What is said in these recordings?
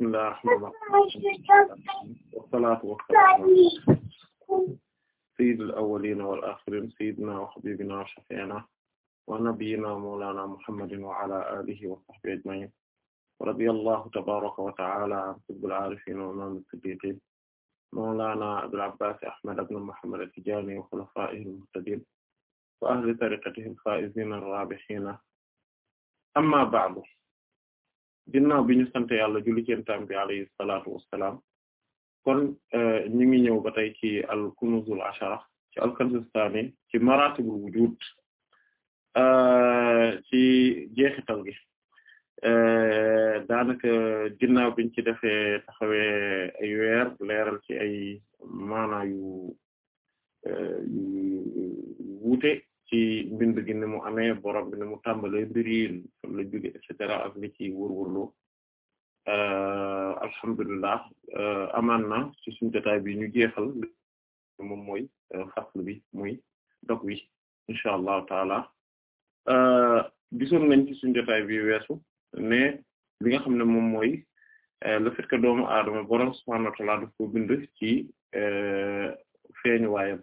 bismillah rahmaan wassalaatu wassalaam sayyidil awwaliina wal aaxiriin sayyidinaa wa habiibinaa wa shafii'inaa wa nabiyyinaa mawlaanaa muhammadin wa alaa aalihi wa sahbihi ajma'iin radiyallaahu tabaaraka wa ta'aalaa an qutbil aarifiin wa imaamil siddiqiin mawlaanaa abil abbaas ahmad ibn muhammad at-tijaani wa khulafaa'ihil muhtadiin wa ahli tariiqatihil faa'iziina ar-raabihiin ammaa ba'du ginnaaw bi ñu sant yàlla julli ci yonent bi alayhi salaatu kon euh, ñu ngi ñëw ba tey ci al kunuzul ashara ci al kanzistani ci maratibul wujud euh, ci jeexital gi euh, daanaka ginnaaw biñ ci defee taxawee ay weer leeral ci ay mana yu yu ci mbind gi ni mu amee borom bi ni mu tàmbalee mbir yi fan la jóge et cetera ak li ci wërwërlu euh, alhamdulilah euh, amaan na ci suñu jotaay bi ñu jeexal moom mooy euh, fasl bi muy dog wi incha allah taala gisoon nañ ci suñu jotaay bi weesu ne li nga xam ne moom mooy le fait doomu aadama borom subhaanahu wa taala daf ko bind ci feeñu waayam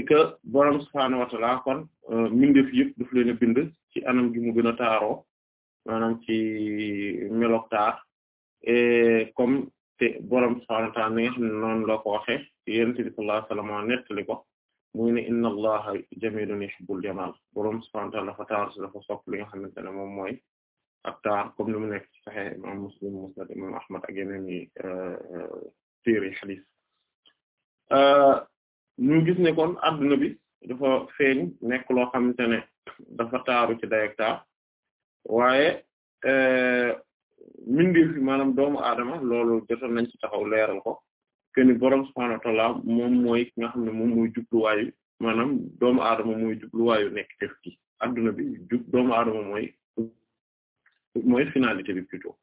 et que borom subhaanahu wa kon euh, mbindeef yëpp daf leen a bind ci anam gi mu gën a manam maanaam ci melok taar et comme te borom subhaanahu wa ta'ala ni nga xam ne noonu la ko waxee yonent bi sallallahu alayhi wa sallam nettali ko muy ne inna jamal borom subhaanahu wa ta'ala dafa taar si dafa sopp li nga xamante ne moom mooy ak taar comme ni mu nekk ci Sahih imam Muslim Musnad imam Ahmad ak yeneen euh, euh, ñu gis ne kon adduna bi dafa feeñ nekk loo xamante ne dafa taaru ci day ak taar waaye eh, fi maanaam doomu aadama loolu jotoon nañ ci taxaw leeral ko que ni borom subhaanahu wa ta'aala mooy ki nga xam ne moom mooy jubluwaayu maanaam doomu aadama mooy jubluwaayu nekk def ci adduna bi jub doomu aadama mooy mooy finalité bi plutôt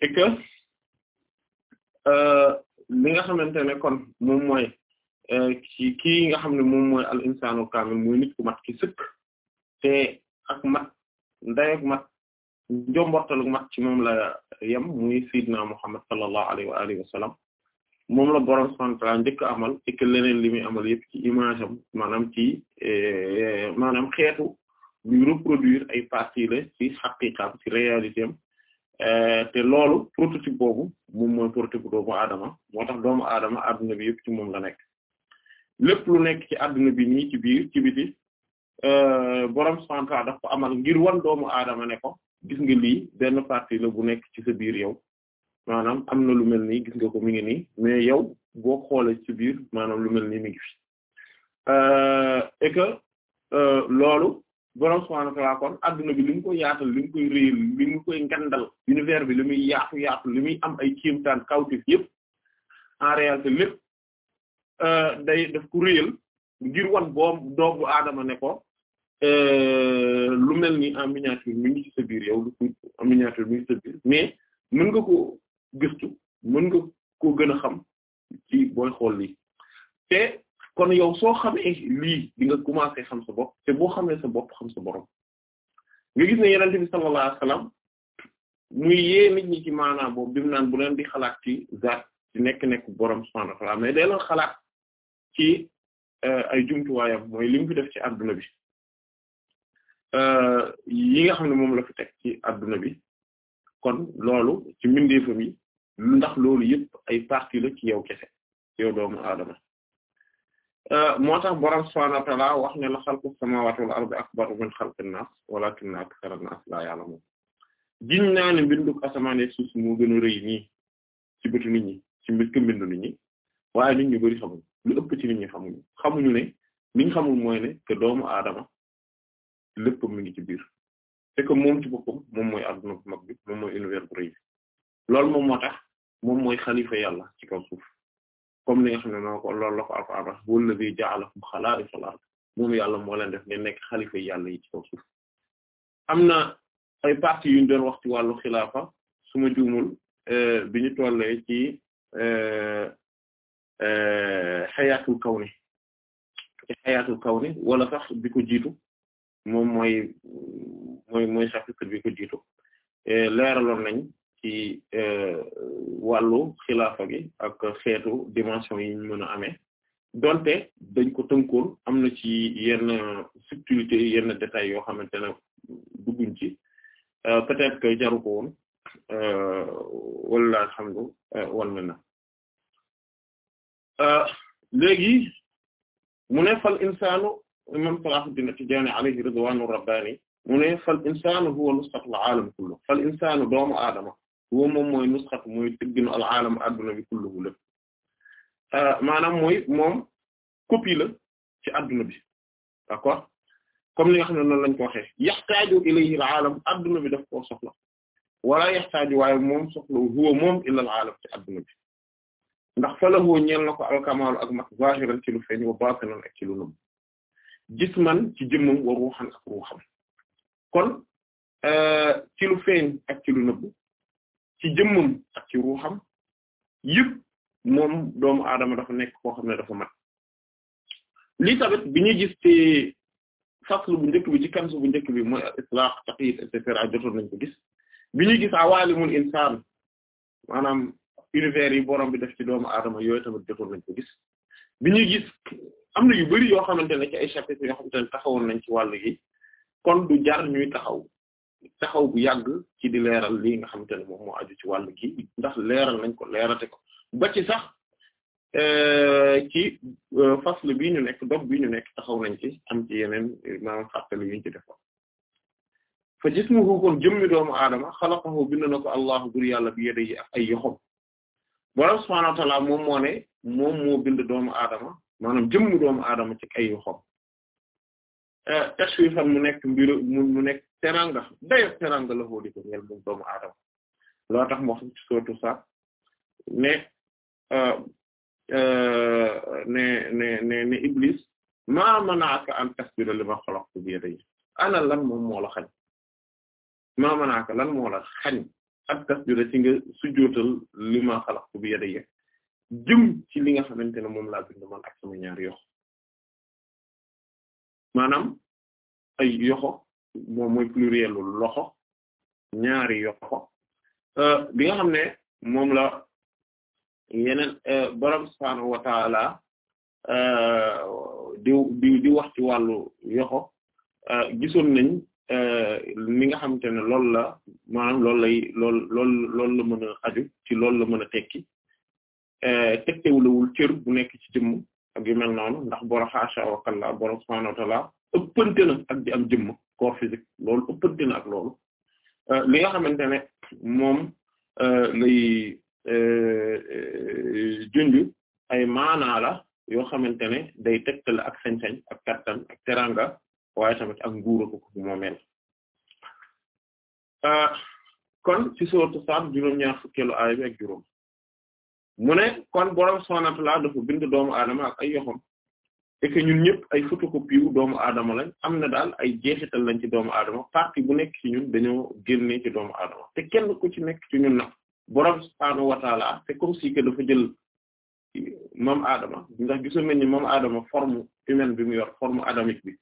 et que eh, li nga xamante ne kon moom mooy. Euh, ci kii nga xam ne moom mooy al insaanu kaamil muy nit ku mat ki sëkk te ak mat ndayek mat njombortalu mat ci moom la yem muy sayyidina Muhammad sallallahu alayhi wa alihi wa moom la borom subhanahu wa ta'ala njëkk amal et leneen li muy amal yëpp ci image am maanaam ci eh, maanaam xeetu bi reproduire ay parties la ci xaqiiqaam ci réalité am eh, te loolu prototype boobu moom mooy prototype doomu aadama moo tax doomu aadama adduna bi yëpp ci moom la nekk lépp lu nekk ci àdduna bi nii ci biir ci biti euh, borom subhaanahu wa daf ko amal ngir wan doomu aadama ne ko gis nga lii benn partie la bu nekk ci sa biir yow maanaam am na lu mel ni gis nga ko mi ngi nii mais yow boo xoolee ci biir maanaam lu mel ni mi ngi fi euh, et que euh, loolu borom subhaanahu kon àdduna bi li mu koy yaatal li mu koy réyal li mu koy ngandal univers bi li muy yaatu yaatu li muy am ay kiimtaan kawtif yëpp en réalité lépp. Euh, day daf ko réyal ngir wan boobu doogu aadama ne ko euh, lu mel ni en miniature mi ngi ci sa biir yow lu tuut en miniature mi ngi ci sa biir mais mën nga ko gëstu mën nga ko gën a xam ci booy xool lii te kon yow soo xamee lii dinga nga commencé xam sa bopp te boo xamee sa bopp xam sa borom nga gis ne yenente bi sallallahu alayhi wasallam muy yee nit ñi ci maanaam boobu naan bu leen di xalaat ci zaat ci nekk-nekk borom subhanahu wa mais day leen xalaat ci euh, ay jumtuwaayam mooy li mu fi def ci adduna bi euh, yi nga xam ne moom la fi teg ci adduna bi kon loolu ci mbindeefam yi ndax loolu yëpp ay partie la ci yow kese yow doomu aadama euh, moo tax borom subhaanahu wa ta'aala wax ne la xalqu samaawaati wal ardi akbaru min xalqin naas walaakinna aktharan naas laa ya'lamuun giñ naa ne mbindug asamaan ak suuf moo gën a rëy nii ci bëtu nit ñi ci mbir mbindu nit ñi waaye nit ñu bari lu ëpp ci nit xamuñu xamuñu ne niñ xamul mooy ne que doomu aadama lépp mi ngi ci biir te que moom ci boppam moom mooy adduna bu mag bi moom mooy univers bu rëy bi moo tax moom mooy xalifa yàlla ci kaw suuf comme li nga xam ne noo moo leen def ngeen nekk xalifa yàlla yi ci kaw suuf am na ay parti yu ñu doon wax ci wàllu xilaafa su ma juumul euh, bi ñu tollee ci euh, xayaatul kawni xayaatul kawni wala sax bi ko jiitu moom mooy mooy mooy bi ko jiitu leeraloon nañ ci e, wàllu xilaafa gi ak xeetu dimension yi ñu mën a amee donte dañ ko tënkoon am na ci yenn subtilité yenn détails yoo xamante ne dugguñ ci euh, peut-être que jaru ko woon euh, wala alhamdu euh, wal Euh, léegi mu ne fal insaanu imam Salahuddin Tijaani alayhi ridwaanu rabbaani mu ne fal insaanu huwa nusxatul aalam kullu fal insaanu doomu aadama huwa moom mooy nusxat mooy tëgginu al aalam adduna bi kulluhu lépp euh, maanaam mooy moom copie la ci adduna bi d'accord comme ni nga xam ne noonu lañ ko waxee yaxtaaju ilayhi al aalam adduna bi daf koo soxla wala yaxtaaju waaye moom soxla huwa moom illa al aalam ci adduna bi ndax falahoo ñeel na ko alkamaalu ak mat zahiran ci lu feeñ wa baatinan ak ci lu nëbb jisman ci jëmmam wa ruuxan ak ruuxam kon euh, ci lu feeñ ak ci lu ci jëmmam ak ci ruuxam yëpp moom doomu aadama dafa nekk koo xam ne dafa mat lii tamit bi ñuy gis ci faslu bu njëkk bi ci kansu bu njëkk bi mooy itlaq taqyid et cetera jotoon nañ ko gis insaan maanaam univers yi borom bi def ci doomu aadama yooyu tamit jotoon nañ ko gis bi ñuy gis am na yu bari yoo xamante ne ci ay chapitres yoo xamante ne taxawoon nañ ci wàll gi kon du jar ñuy taxaw taxaw bu yàgg ci di leeral lii nga xamante ne moom moo aju ci wàll gi ndax leeral nañ ko leerate ko ba ci sax euh, ci euh, fasle bii ñu nekk dog bii ñu nekk taxaw nañ ci am ci yeneen maanaam fàttali yuñ ci defoon fa kon jëmmi doomu aadama xalaqahu bind ko allahu bur yàlla bi yede yi ak ay yoxom borom subhaanahu wa moom moo moom moo bind doomu aadama maanaam jëmm doomu aadama ci ay xom eh, tashwiifan mu nekk mbiru mu nekk teranga dayo teranga la xooli ko ñeel moom doomu aadama loo tax mu wax sax ne eh, eh, ne ne ne ne Iblis maa manaaka an tasjuda limaa xalaqtu biyadayya ana lan moom moo xañ maa manaaka lan moo la xañ ak tasjuda ci nga sujjootal li ma xalaqtu bi yadayya jëm ci li nga xamante ne moom la bind man ak sama ñaari yoxo maanaam ay yoxo moom mooy plurielu loxo ñaari yoxo euh, bi nga xam ne moom la yeneen euh, borom subhaanahu wa ta'ala euh, di di di wax ci wàllu yoxo gisoon nañ Euh, mi nga xamante ne loolu la maanaam loolu lay lool lool loolu la mën a aju ci loolu la mën a tekki euh, tegtewulawul cër bu nekk ci jëmm ak yu mel noonu ndax borom xaasha wa kalla borom subhaanahu wa ak di am physique loolu ëppante ak loolu euh, li nga xamante ne moom lay junj ay maanaa la yoo xamante ne day tegtal ak sañ-sañ ak kattan ak teranga waaye tamit ak nguur ko ko moomeel ah, kon ci sourate Sad juróom-ñaar fukkeelu aaya bi ak juróom mu ne kon borom subhaanahu wa ta'aala dafa bind doomu aadama ak ay yoxam et que ñun ñëpp ay photocopie wu doomu aadama lañ am na daal ay jeexital lañ ci doomu aadama partie bu nekk ci ñun dañoo génne ci doomu aadama te kenn ku ci nekk ci ñun nag borom subhaanahu wa ta'aala comme si que dafa jël mam adama ndax gisoon nañ ni moom aadama forme humaine bi mu yor forme adamique bi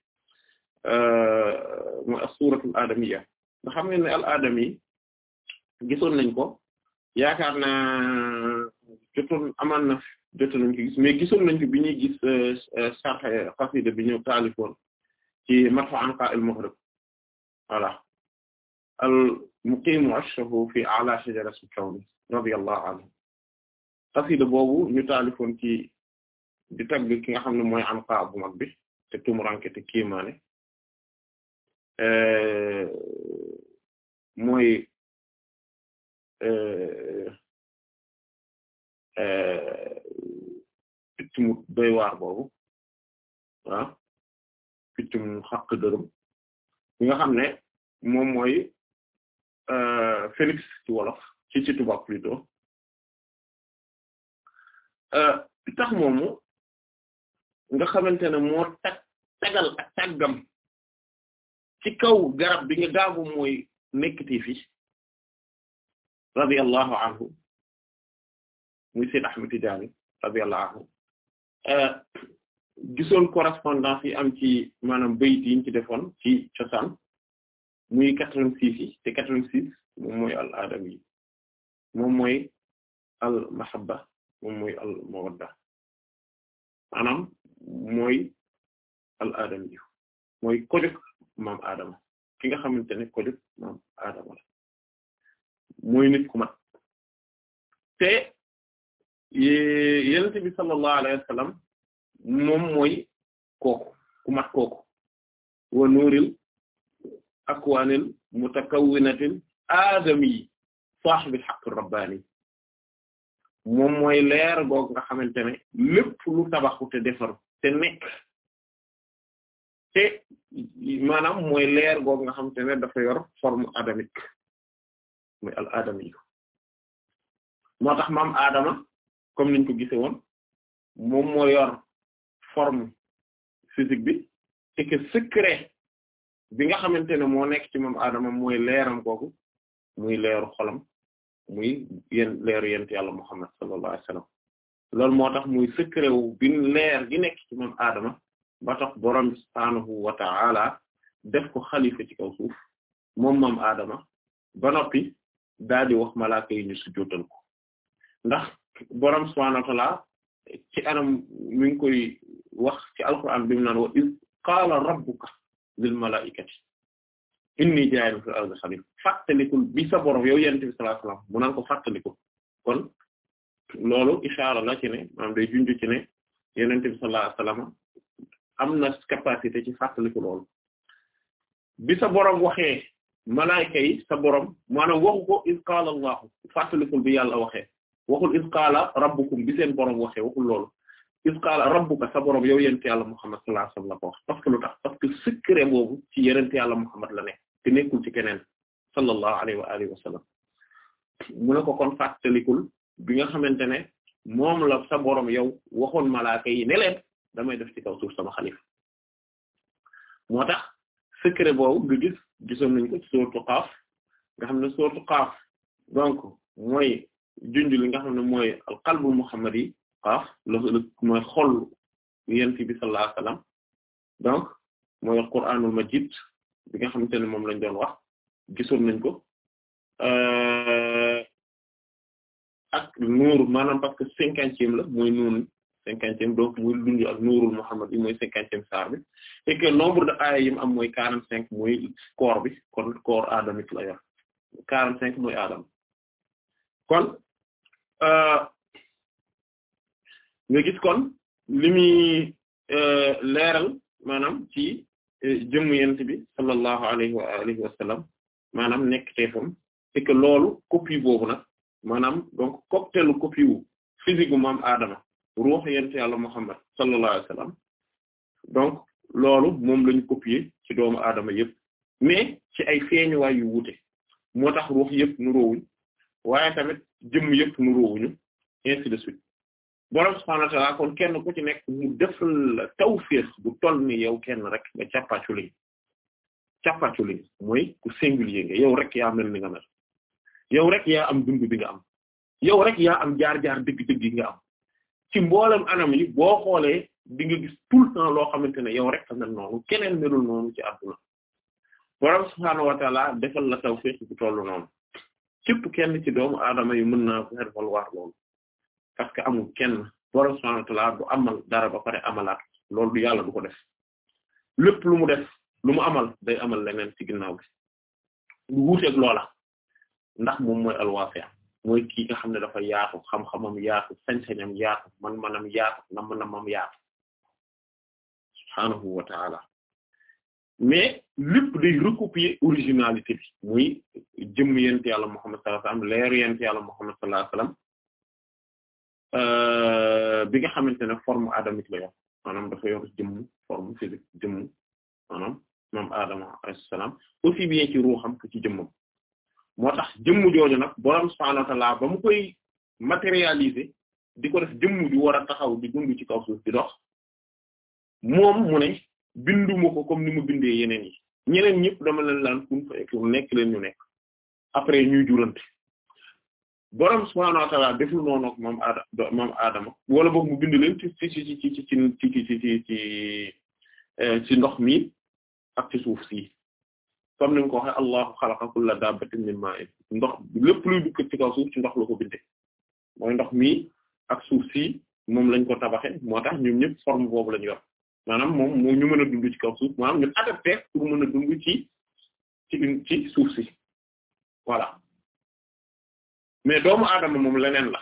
mooy as-suuratul aadamiyya nga xam ngeen ne al aadami gisoon nañ ko yaakaar naa jotoon na jotoon nañ ko gis mais gisoon bi ñuy gis euh, euh, sarh euh, bi ñu taalifoon ci marfa anqa al maghrib voilà al muqimu ashrahu fi a'la shajarati min kawni radiyallahu anhu xasida boobu ñu taalifoon ci di tagg ki nga xam ne mooy anqa bu mag bi te tumuranke te kiimaane Euh, mooy euh, euh, picc mu doy boobu ah picc mu xàq dërëm nga xam ne moom mooy phénix ci wolof ci ci tubaab plutôt tax moomu nga xamante ne moo tag tagal ak taggam ci kaw garab bi nga gaagu mooy nekkati fi radiyallahu anhu muy Seyd Ahmed Tidiane radiyallahu anhu euh, gisoon correspondance yi am ci maanaam bayit yi ñu ci defoon ci cosaan muy 86 yi te 86 moom mooy al adam yi moom al mahabba moom mooy al mawadda maanaam mooy al adam yi mooy maam Adama ki nga xamante ne ko def Adama la mooy nit ku mat te yonent bi sallallahu alayhi wa sallam moom mooy kooku ku mat kooku wa nuuril akwaanil mutakawwinatil aadami saahibil haqqir rabbaani moom mooy leer googu nga xamante ne lépp lu te defaru te nekk te maanaam mooy leer googu nga xamante ne dafa yor forme adamique mooy al adami moo tax maam Adama comme niñ ko gisee woon moom moo yor forme physique bi te secret bi nga xamante ne moo nekk ci maam Adama mooy leeram googu muy leeru xolam muy yéen leeru yent yàlla Muhammad sallallahu alayhi wasallam loolu moo tax muy secret wu leer gi nekk ci Adama. ba tax borom bi subhaanahu wa ta'ala def ko xalifa ci kaw suuf moom maam Adama ba noppi daal di wax malaaka yi ñu sujjóotal ko ndax borom subhaanahu wa ta'ala anam mi ngi koy wax ci alquran bi mu naan wa iz qaala rabbuka lil malaa'ikati inni jaa'ilun fil ardi xalifa fàttalikul bi sa borom yow yonent bi sallallahu alayhi wasallam kon loolu ishaara la ci ne maanaam day junj ci ne yonent am na capacité ci fàttaliku loolu bi sa boroom waxee malaayka yi sa boroom maanaam waxu ko iz qaala Allahu fàttalikul bi yàlla waxee waxul iz qaala rabbukum bi seen boroom waxee rabbuka sa boroom yow yent yàlla Muhammad sallallahu alayhi wa sallam secret boobu ci yent yàlla Muhammad la nekk te nekkul ci keneen sallallahu alayhi wa alihi wa sallam mu ne ko bi nga xamante ne moom la sa boroom yow waxoon malaayka yi ne damay def ci kaw suuf sama xalifa moo tax secret boobu gis gisoon nañ ko ci sourate Qaf nga xam ne sourate Qaf donc mooy junj li nga xam ne mooy al-qalbu muhammadi Qaf loolu mooy xol yent bi sallallahu alayhi wasallam donc mooy al-Qur'anul Majid bi nga xamante ne moom lañ doon wax gisoon nañ ko euh, ak nuur maanaam parce que la mooy nuun cinquantième donc muy dund ak nuurul Muhammad bi mooy cinquantième saar bi et nombre de aaya yi am mooy quarante cinq mooy koor bi kon koor aadamit la yor quarante cinq mooy aadam kon euh, nga gis kon li muy euh, leeral maanaam ci euh, jëmm yent bi sallallahu alayhi wa alihi wa sallam maanaam nekk teefam et que loolu copie boobu nag maanaam donc cocktail copie wu physique bu maam aadama ruux yent yàlla Muhammad sallallahu alayhi wa sallam donc loolu moom lañu copier ci doomu aadama yëpp mais ci ay feeñuwaay yu wuute moo tax ruux yëpp nu róowuñ waaye tamit jëmm yëpp nu róowuñu ainsi de suite borom subhaanahu kon kenn ku ci nekk mu defal tawfeex bu toll ni yow kenn rek nga càppacu liñ càppacu liñ mooy ku singulier nga yow rek yaa mel nga mel yow rek yaa am dund bi nga am yow rek yaa am jaar-jaar dëgg-dëgg nga am ci mboolem anam yi boo xoolee di nga gis tout temps loo xamante ne yow rek a mel noonu keneen melul noonu ci àdduna borom subhaanahu wa taala defal la tawfiq bu tollu noonu képp kenn ci doomu aadama yi mën naa fexe valoir loolu parce que amul kenn borom subhaanahu wa taala du amal dara ba pare amalaat loolu du yàlla du ko def lu mu def lu mu amal day amal leneen ci ginnaaw bi lu wuuteeg loola ndax moom mooy alwaasiya mooy kii nga xam ne dafa yaatu xam-xamam yaatu sañ-sañam yaatu man-manam yaatu nam-namam yaatu subhaanahu wa mais lépp day recopier originalité bi muy jëmm yent yàlla Muhammad sallallahu alayhi wasallam leeru yent yàlla Muhammad sallallahu alayhi euh, nga xamante ne forme adamite la salaam aussi bien ci ruuxam que ci jëmmam moo tax jëmm jooju nag borom subhaanahu wa ta'aala ba mu koy matérialiser di ko def jëmm ju taxaw di dund ci kaw suuf di dox moom mu ne binduma ko comme ni mu bindee yeneen yi ñeneen ñëpp dama leen laan kun nekk leen ñu nekk après ñuy jurante borom subhaanahu wa ta'aala deful noonu moom aada wala boog mu bind leen ci ci ci ci ci ci ci ci ci ci ndox mi ak ci suuf si comme ni nga ko waxee allahu xalaqa kulla dabbatin min ma'in ndox lépp luy dugg ci kaw suuf ci ndox la ko bindee mooy ndox mi ak suuf si moom lañ ko tabaxe moo tax ñoom ñëpp forme boobu lañ yor maanaam moom moo ñu mën a dund ci kaw suuf maanaam ñu adapté mën a dund ci ci ci suuf si voilà mais doomu aadama moom leneen la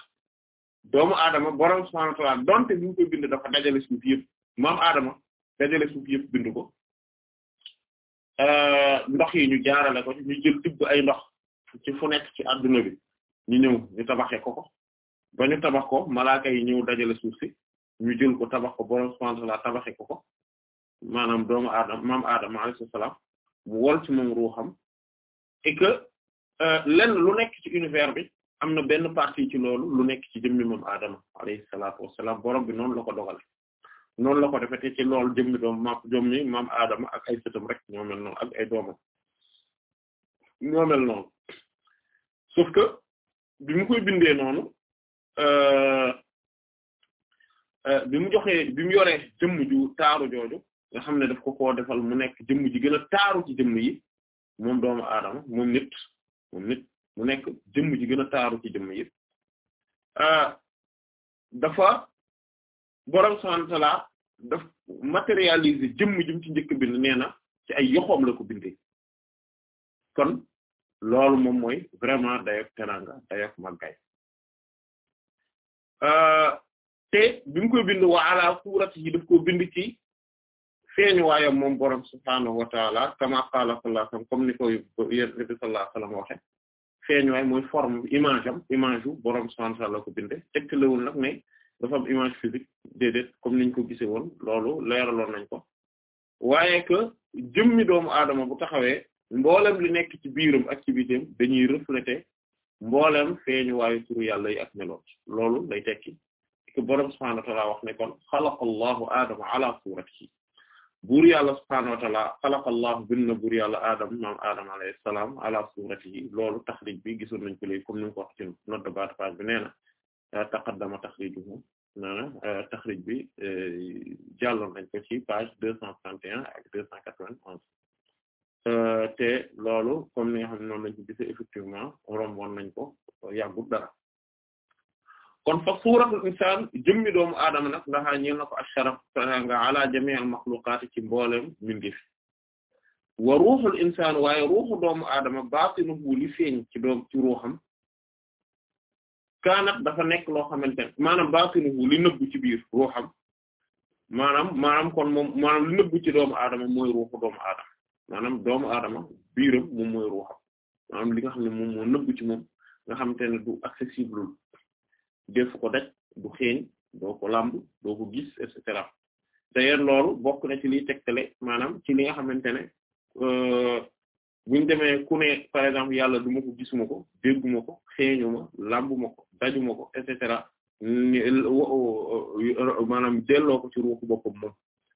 doomu aadama borom subhanahu wa ta'ala donte ñu ngi koy bind dafa dajale suuf yëpp maam aadama dajale suuf yëpp bind ko. Euh, ndox yi ñu jaarale ko ñu jël tibb ay ndox ci fu ci adduna bi ñu ñëw ñu tabaxee ko ko ba ñu tabax ko malaaka yi ñëw dajale suuf si ñu jël ko tabax ko borom subhanahu wa tabaxee ko ko maanaam doomu aadama mam aadama alayhi salaam mu wol ci moom ruuxam et euh, lenn lu nekk ci univers bi am na benn partie ci loolu lu nekk ci jëmmi moom aadama alayhi salaatu wassalaam borom bi noonu la ko dogale noonu la ko defee te ci loolu jëmmi doom maam maam Adama ak ay sëtam rek ñoo noonu ak ay doomam ñoo mel noonu sauf que bi mu koy bindee noonu euh, euh, bi mu joxee bi mu yoree jëmm ju taaru jooju nga xam ne daf ko koo defal mu nekk jëmm ji gën a taaru ci moom doomu aadama moom nit moom mu nekk jëmm ji gën a taaru ci jëmm yi euh, dafa borom subhaanahu wa ta'aala daf matérialiser jëmm jëm ci bind nee na ci ay yoxoom la ko bindee kon loolu moom mooy vraiment dayoog teranga dayoog màggay euh, te bi mu koy bind wa ala suratihi daf koo bind ci feeñu waayam moom borom subhaanahu wa ta'ala kama ni koy yonent forme image am image yu borom subhaanahu wa ta'ala ko binde tegtalewul nag ne dafa am image physique déedéet comme niñ ko gisee woon loolu leeraloon nañ ko waaye que jëmmi doomu aadama bu taxawee mboolem li nekk ci biiram ak ci dañuy refléter mboolem feeñu waayu turu yàlla yi ak meloot loolu lay tekki que boroom subhaanahu wa wax ne kon xalaqa allahu aadama ala suratihi yàlla subhaanahu wa ta'aala xalaqa allahu bin na buur yàlla aadama maam aadama alayhi salaam ala loolu taxrij bi gisoon nañ ko léegi comme ni nga ko wax ci note maanaam euh, taxrij bi euh, jàlloon nañ ko ci page deux cent trente et un ak deux cent quatre-vingt-onze euh, te loolu comme ni xam ne noonu lañ ko gisee effectivement romboon nañ ko yàggul dara kon fa suuratul insaan jëmmi doomu aadama nag ndaxaa ñeel na ko asharaf nga ala jami'il maxluqaat ci mboolem mbindeef wa ruuxul insaan waaye ruuxu doomu aadama baatinuhu li feeñ ci doom kaanat dafa nekk loo xamante ne maanaam baatinuhu li nëbbu ci biir ruuxam maanaam maanaam kon moom maanaam li nëbbu ci doomu aadama mooy ruuxu doomu aadama maanaam doomu aadama biiram moom mooy ruuxam maanaam li nga xam ne moom moo nëbbu ci moom nga xamante ne du accessible def ko daj du xeeñ doo ko làmb doo ko gis et cetera d'ailleurs loolu bokk na ci liy tegtale maanaam ci li nga xamante ne euh, buñ demee ku par exemple yàlla du ma ko gisuma ko dégguma ko xeeñuma làmbuma ko dajuma ko et cetera maanaam delloo ko ci ruuxu boppam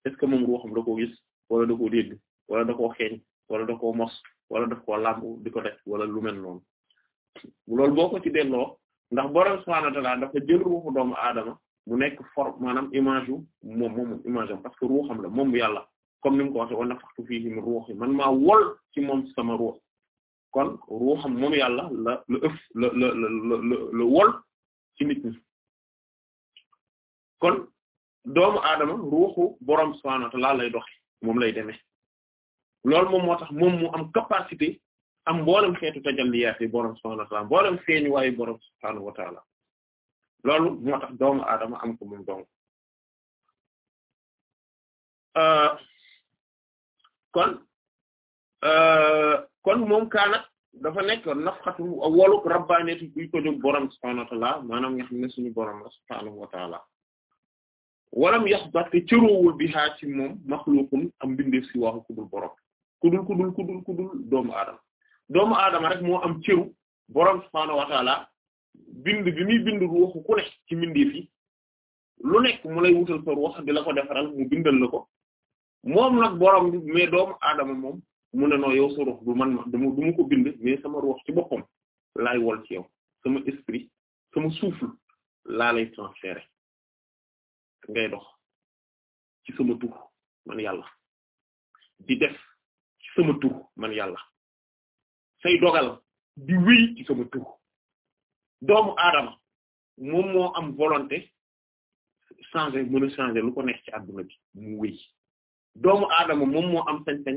ce que moom ruuxam da koo gis wala da koo dégg wala da koo xeeñ wala da koo mos wala daf koo làmb di wala lu mel noonu loolu boo ko ci delloo ndax borom subhaanahu wa ta'aala dafa jël ruuxu doomu aadama mu nekk forme maanaam image yu moom moom parce que ruuxam la moom yàlla comme ni mu ko waxee wa nafaxtu fiihi man maa wol ci moom sama ruux kon ruuxam moom yàlla la la ëf la la la wol ci nit kon doomu aadama ruuxu borom subhaanahu wa ta'aala lay doxe moom lay deme loolu moom moo tax moom mu am capacité am mboolem xeetu tajalliyaat yi borom subhaanahu wa ta'aala mboolem feeñ waayu borom subhaanahu wa ta'aala loolu moo tax doomu aadama am ko moom dong. Euh, kon euh, kon moom kaanat dafa nekk nafxatu woluk rabbaaniyatu buy ko jóg borom subhaanahu wa ta'aala maanaam nga xam ne suñu borom la subhaanahu wa ta'aala walam yaxbat te cëroowul bihaa ci moom maxluuqun am mbindeef si waxu kudul borom kudul kudul kudul kudul doomu aadama doomu rek moo am cëru borom subhaanahu wa bind bi muy bind ruuxu ku ne ci mbindeef yi lu nekk mu lay wutal sa ruux defaral mu bindal la ko moom nag borom mais doomu aadama moom mu ne noo yow sa ruux du man du ma ko bind mais sama ruux ci boppam laay wol ci yow sama esprit sama souffle laa lay transférer ngay dox ci sama tur man yàlla di yàlla say dogal di wéy ci sama tur doomu aadama moom moo am volonté changer mën a changer lu ko neex ci àdduna bi mu wéy doomu aadama moom moo am sañ-sañ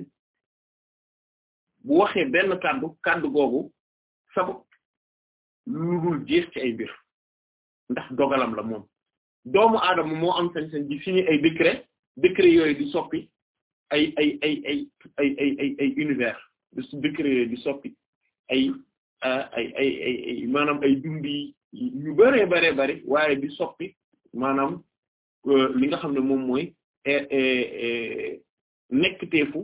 bu waxee benn kàddu kàddu googu sabab lu dul jeex ci ay mbir ndax dogalam la moom doomu aadama moo am sañ-sañ di signer ay décret décret yooyu di soppi ay ay ay ay ay ay ay univers décret yooyu di soppi ay ay ay ay maanaam ay dundi yu bare baree bari waaye di soppi maanaam euh, li nga xam ne moom mooy E, e, e, nekkteefu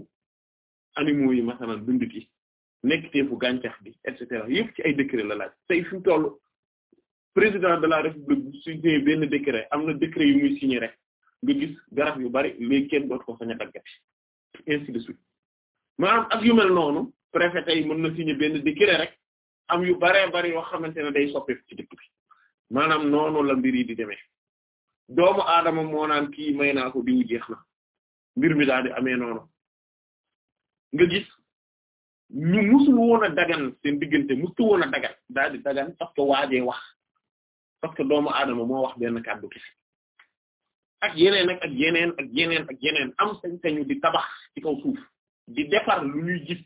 animaux yi masalan dund gi nekkteefu gàncax bi et cetera yëpp ci ay décret la laaj tey fi mu toll président de la république bu signé benn décret am na décret yu muy signé rek nga gis garab yu bari léegi kenn dootu ko sañ a daggati ainsi de suite maanaam ak yu mel noonu préfet tey mën na signé benn décret rek am yu baree bari yoo xamante ne day soppeeku ci dëkk bi maanaam noonu la mbir yi di demee doomu aadama moo naan kii may naa ko diw jeex na mbir mi daal di amee noonu nga gis ñu musul woon a dagan seen diggante musul woon a dagan daal di dagan parce que waajee wax parce que doomu aadama moo wax benn kàddu kese ak yeneen ak ak yeneen ak yeneen ak yeneen am sañ-sañu di tabax ci kaw suuf di defar lu ñuy gis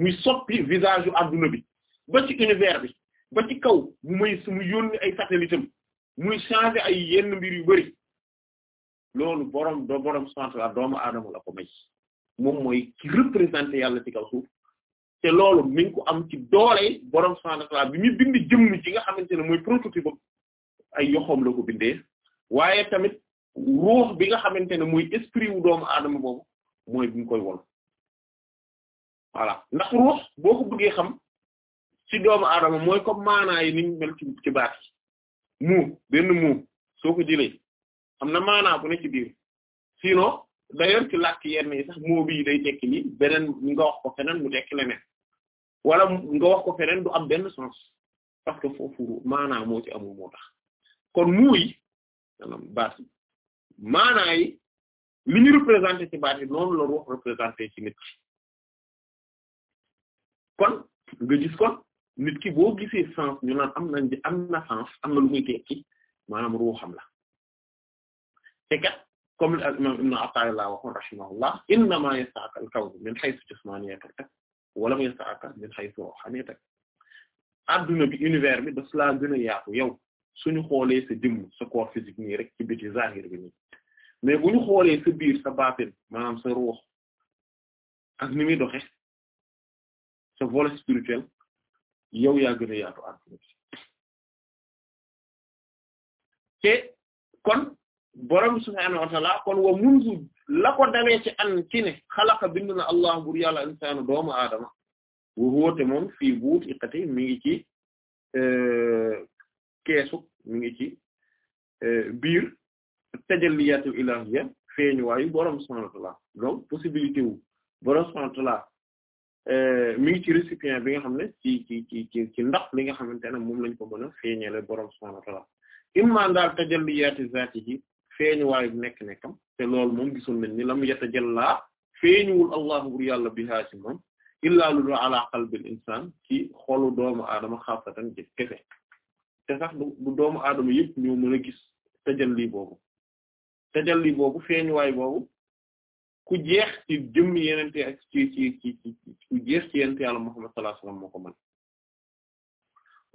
muy soppi visage yu bi ba ci univers bi ba ci kaw mu may su mu yónni ay satellite muy changer ay yenn mbir yu bari loolu boroom do borom subhanahu wa ta'ala doomu aadama la ko may moom mooy ki représenter yàlla ci kaw suuf te loolu mi ngi ko am ci doole boroom subhanahu wa ta'ala bi muy bind jëmm ci nga xamante ne mooy prototype ay yoxoom la ko bindee waaye tamit ruux bi nga xamante ne mooy esprit wu doomu adama boobu mooy bi mu koy won voilà ndax ruux boo ko bëggee xam ci doomu aadama mooy comme maanaa yi niñ mel ci ci mu benn mu soo ko jëlee am na maanaa bu ne ci biir sinon d'ailleurs ci làkk yenn yi sax moo bii day tekki lii beneen nga wax ko feneen mu tekki leneen wala nga wax ko feneen du am benn sens parce que foofu maanaa moo ci amu moo tax kon muy maanaam baat yi maanaa yi li ñu représenté ci baat yi noonu la wax représenté ci nit kon nga gis kon nit ki boo gisee sens ñu naan am nañ am na sens am na lu muy tekki maanaam ruuxam la te kat comme al imam ibn Ata'illah waxoon rahimahullah innama yas'aka al-kawnu min haythu bi univers bi daf laa gën a yaatu yow suñu xoolee sa jëmm sa corps physique nii rek ci biti zahir bi nii mais bu ñu xoolee sa biir sa baatin maanaam sa ruux ak ni muy sa volet spirituel yow yaa gën a yaatu àdduna bi te kon borom subhaanahu wa kon wa munzu la ko dawee ci an ci ne xalaqa bind na allah bur yàlla insaanu doomu aadama wu woote moom fii buut iqati mi ngi ci e, keesu mi ngi ci e, biir tajalliyaatul ilahiyya feeñu waayu borom subhaanahu donc possibilité wu borom subhaanahu Euh, mi ngi ci récipient bi nga xam ne ci ci ci ci ndax li nga xamante ne moom lañ ko mën a feeñale boroom subhaanahu wa ta'aala imma daal tajalliyaati zaati ji feeñu waaye nekk-nekkam te lool moom gisul nañ ni lam yatajallaa feeñuwul allah bur yàlla bihaa ci moom illaa lulu ala qalbil insaan ci xolu doomu aadama xaasatan ci kese te sax du doomu aadama yëpp ñoo mën a gis tajalli boobu tajalli boobu feeñu boobu ku jeex ci jëmm yenente ak ci yàlla Muhammad sallallahu alayhi wasallam moo ko mën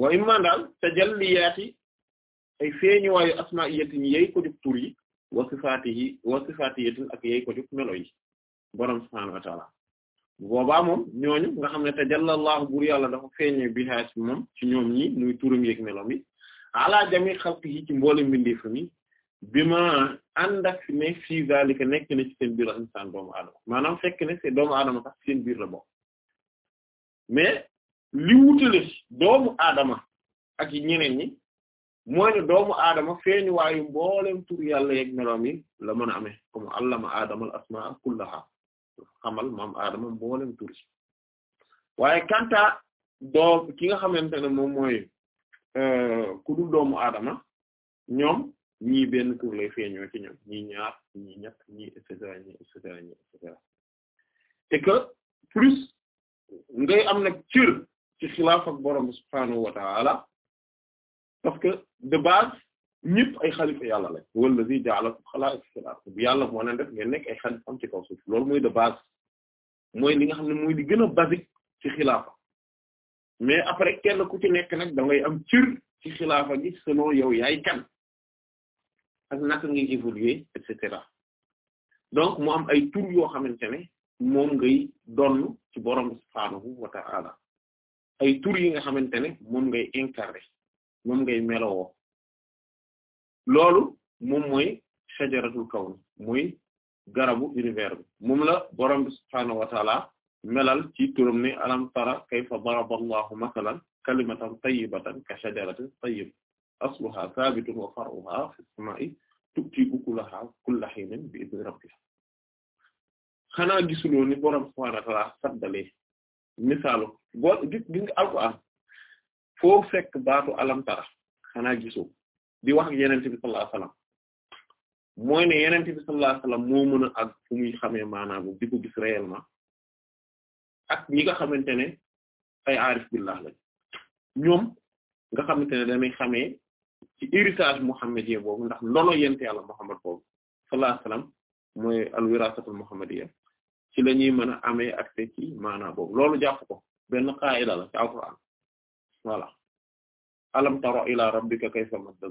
wa imma daal tajalliyaati ay feeñuwaayu asmaa'iyatin yey ko jub tur yi wa sifaatihi wa sifaatiyatin ak yey ko melo yi boroom subhaanahu wa ta'aala boobaa moom ñooñu nga xam ne tajallallahu buur yàlla dafa feeñe bihaa ci moom ci ñoom ñi nuy turam yeeg melom yi ala jami xalqihi ci mboolem mbindeef mi bi ma ànd ak ne fii zalika nekk na ci seen biir insaan doomu aadama maanaam fekk ne c'est doomu aadama sax seen biir la bokk mais li wutale doomu aadama ak ñeneen ñi mooy ne doomu aadama feeñu waayu mboolem tur yàlla yeeg meloom yi la mën a amee comme allama aadama al asmaa kullaha xamal maam aadama mboolem tur yi kanta doom ki nga xamante ne moom mooy euh, ku doomu aadama ñoom ñii benn tur lay feeñoo ci ñoom ñii ñaar ñii ñett ñii et ñii et ñii et cetera plus ngay am nag cër ci xilaaf ak ay xalifa yàlla lañ wallazi ja'alakum xalaa'if fil yàlla moo leen def ngeen mooy de nga xam ne mooy li gën a basique ci xilaafa mais après kenn ku nekk nag da am cër ci xilaafa gi selon yaay kan a naka ngay évoluer et cetera donc mu am ay tour yoo xamante ne moom ngay donn ci borom subhaanahu wa ta'ala ay tour yi nga xamante ne moom ngay incarner moom ngay melowoo loolu moom mooy shajaratul kawn mooy garabu univers bi moom la borom bi subhaanahu wa ta'ala melal ci turam ne alam tara kayfa daraba allahu masalan kalimatan tayyibatan ka shajaratin asluha sabitun wa far'uha fi as-sama'i tu'ti ukulaha kulla hiinin bi idni rabbiha xanaa gisuloo ni borom subhaanahu wa ta'aala saddalee misaalu boo gis gis nga alquran foo fekk baatu alam tara xanaa gisoo di wax ak yeneen bi sallallahu alayhi wa ne yeneen bi sallallahu alayhi wa sallam a ak fu muy xamee maanaam di ko gis réellement ak ñi nga xamante ne ay aarif billah lañ ñoom nga xamante ne dañuy xamee ci héritage muhammadiyya boobu ndax ndono yent yàlla muhammad boobu sallallahu alayhi wasallam mooy al wirasatul muhammadiyya ci la ñuy mën a amee accès ci maanaa boobu ko benn qaa'ida la ci alquran voilà alam tara ila rabbika kayfa madda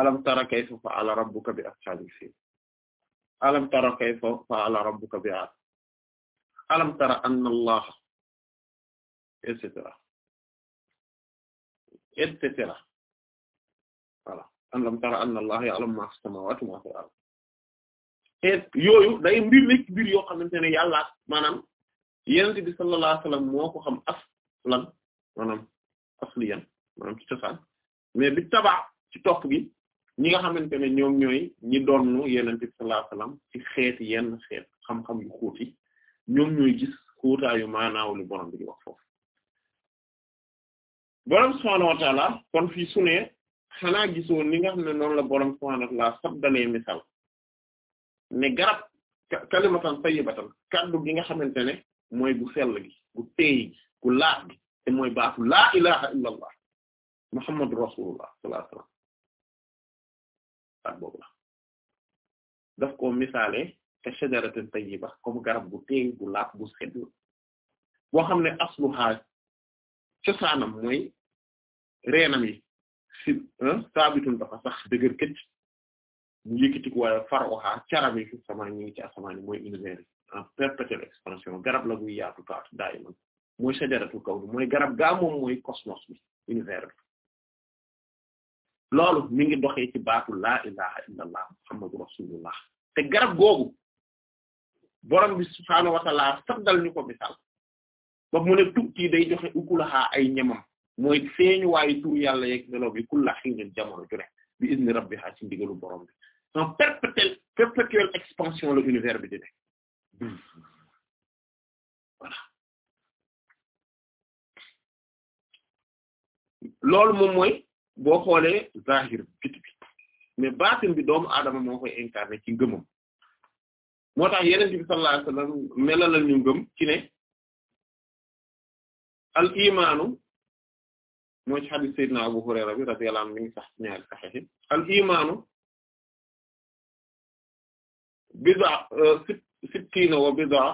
alam tara kayfa fa'ala alam tara kayfa fa'ala alam tara anna allaha et cetera et cetera voilà an lam tara anna allaha ya'lamu ma ma fil ard et yooyu day mbir mbir yoo xamante ne yàlla maanaam yonent bi sallallahu moo ko xam aslan maanaam asliyan maanaam ci cosaan mais bi tabaa ci topp gi ñi nga xamante ne ñoom ñooy ñi doonu yonent bi sallallahu ci xeeti yenn xeet xam-xam yu xóot ñoom ñooy gis xóotaayu maanaaw li bi di wax foofu borom subhaanahu wa kon fii su xanaa gisoo ni nga xam ne noonu la borom subhaanahu wa ta'ala misaal ne garab kalimatan tayyibatan kaddu gi nga xamante ne mooy gu sell gi gu teey gi gu laab gi te mooy baatu laa ilaha illa allah muhammadu rasulullah sallallahu alayhi la daf ko misaale ka shajaratin tayyiba comme garab gu teey gu laab gu sedd boo xam ne asluha cosaanam mooy reenam yi si saabitun dafa sax dëgër këcc mu yëkkatiku waaye faroxaa caram yi fi samaan yi mooy univers yi en perpétuelle garab la guy yaatu kaatu daay man mooy sajaratul kawn mooy garab gaa moom mooy cosmos bi univers bi loolu mi ngi doxee ci baatu laa ilaha illa muhammadu rasulullah te garab googu borom bi subhaanahu wa ta'ala saddal ñu ko misaal ba mu ne tukki day joxe ukulaha ay ñemam mooy feeñuwaayu tur yàlla yeeg melo bi kulla xiinin jamono ju ne bi izni rabbiha ci ndigalu borom bi en perpétuelle perpétuelle expansion la univers bi di moom mooy boo xoolee zahir biti bi mais baatin bi doomu aadama moo koy incarné ci ngëmam moo tax yeneen bi sallallahu alayhi melalal ñu ngëm ci ne al imaanu mooy ci xadis Seydina Abu Hurayra bi radiyallahu anhu mi ngi sax ñaari saxiix yi al imaanu bid'a euh, sittina wa bid'a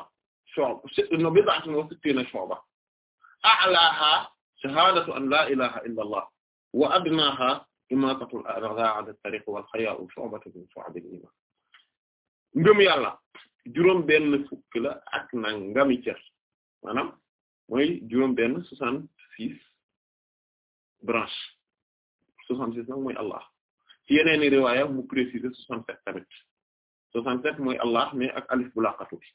shu'ba no bid'atun wa sittina shu'ba a'laaha shahaadatu an laa ilaaha illa Allah wa adnaaha imaatatul a'raa 'an at-tariiq wal hayaa'u shu'batun min shu'abil iimaan ngëm yàlla juróom benn fukk la ak nangami cër maanaam mooy juróom benn soixante-six branche soixante six nag mooy Allah ci yeneen i mu préciser soixante sept tamit soixante sept mooy Allah mais ak alif bu bi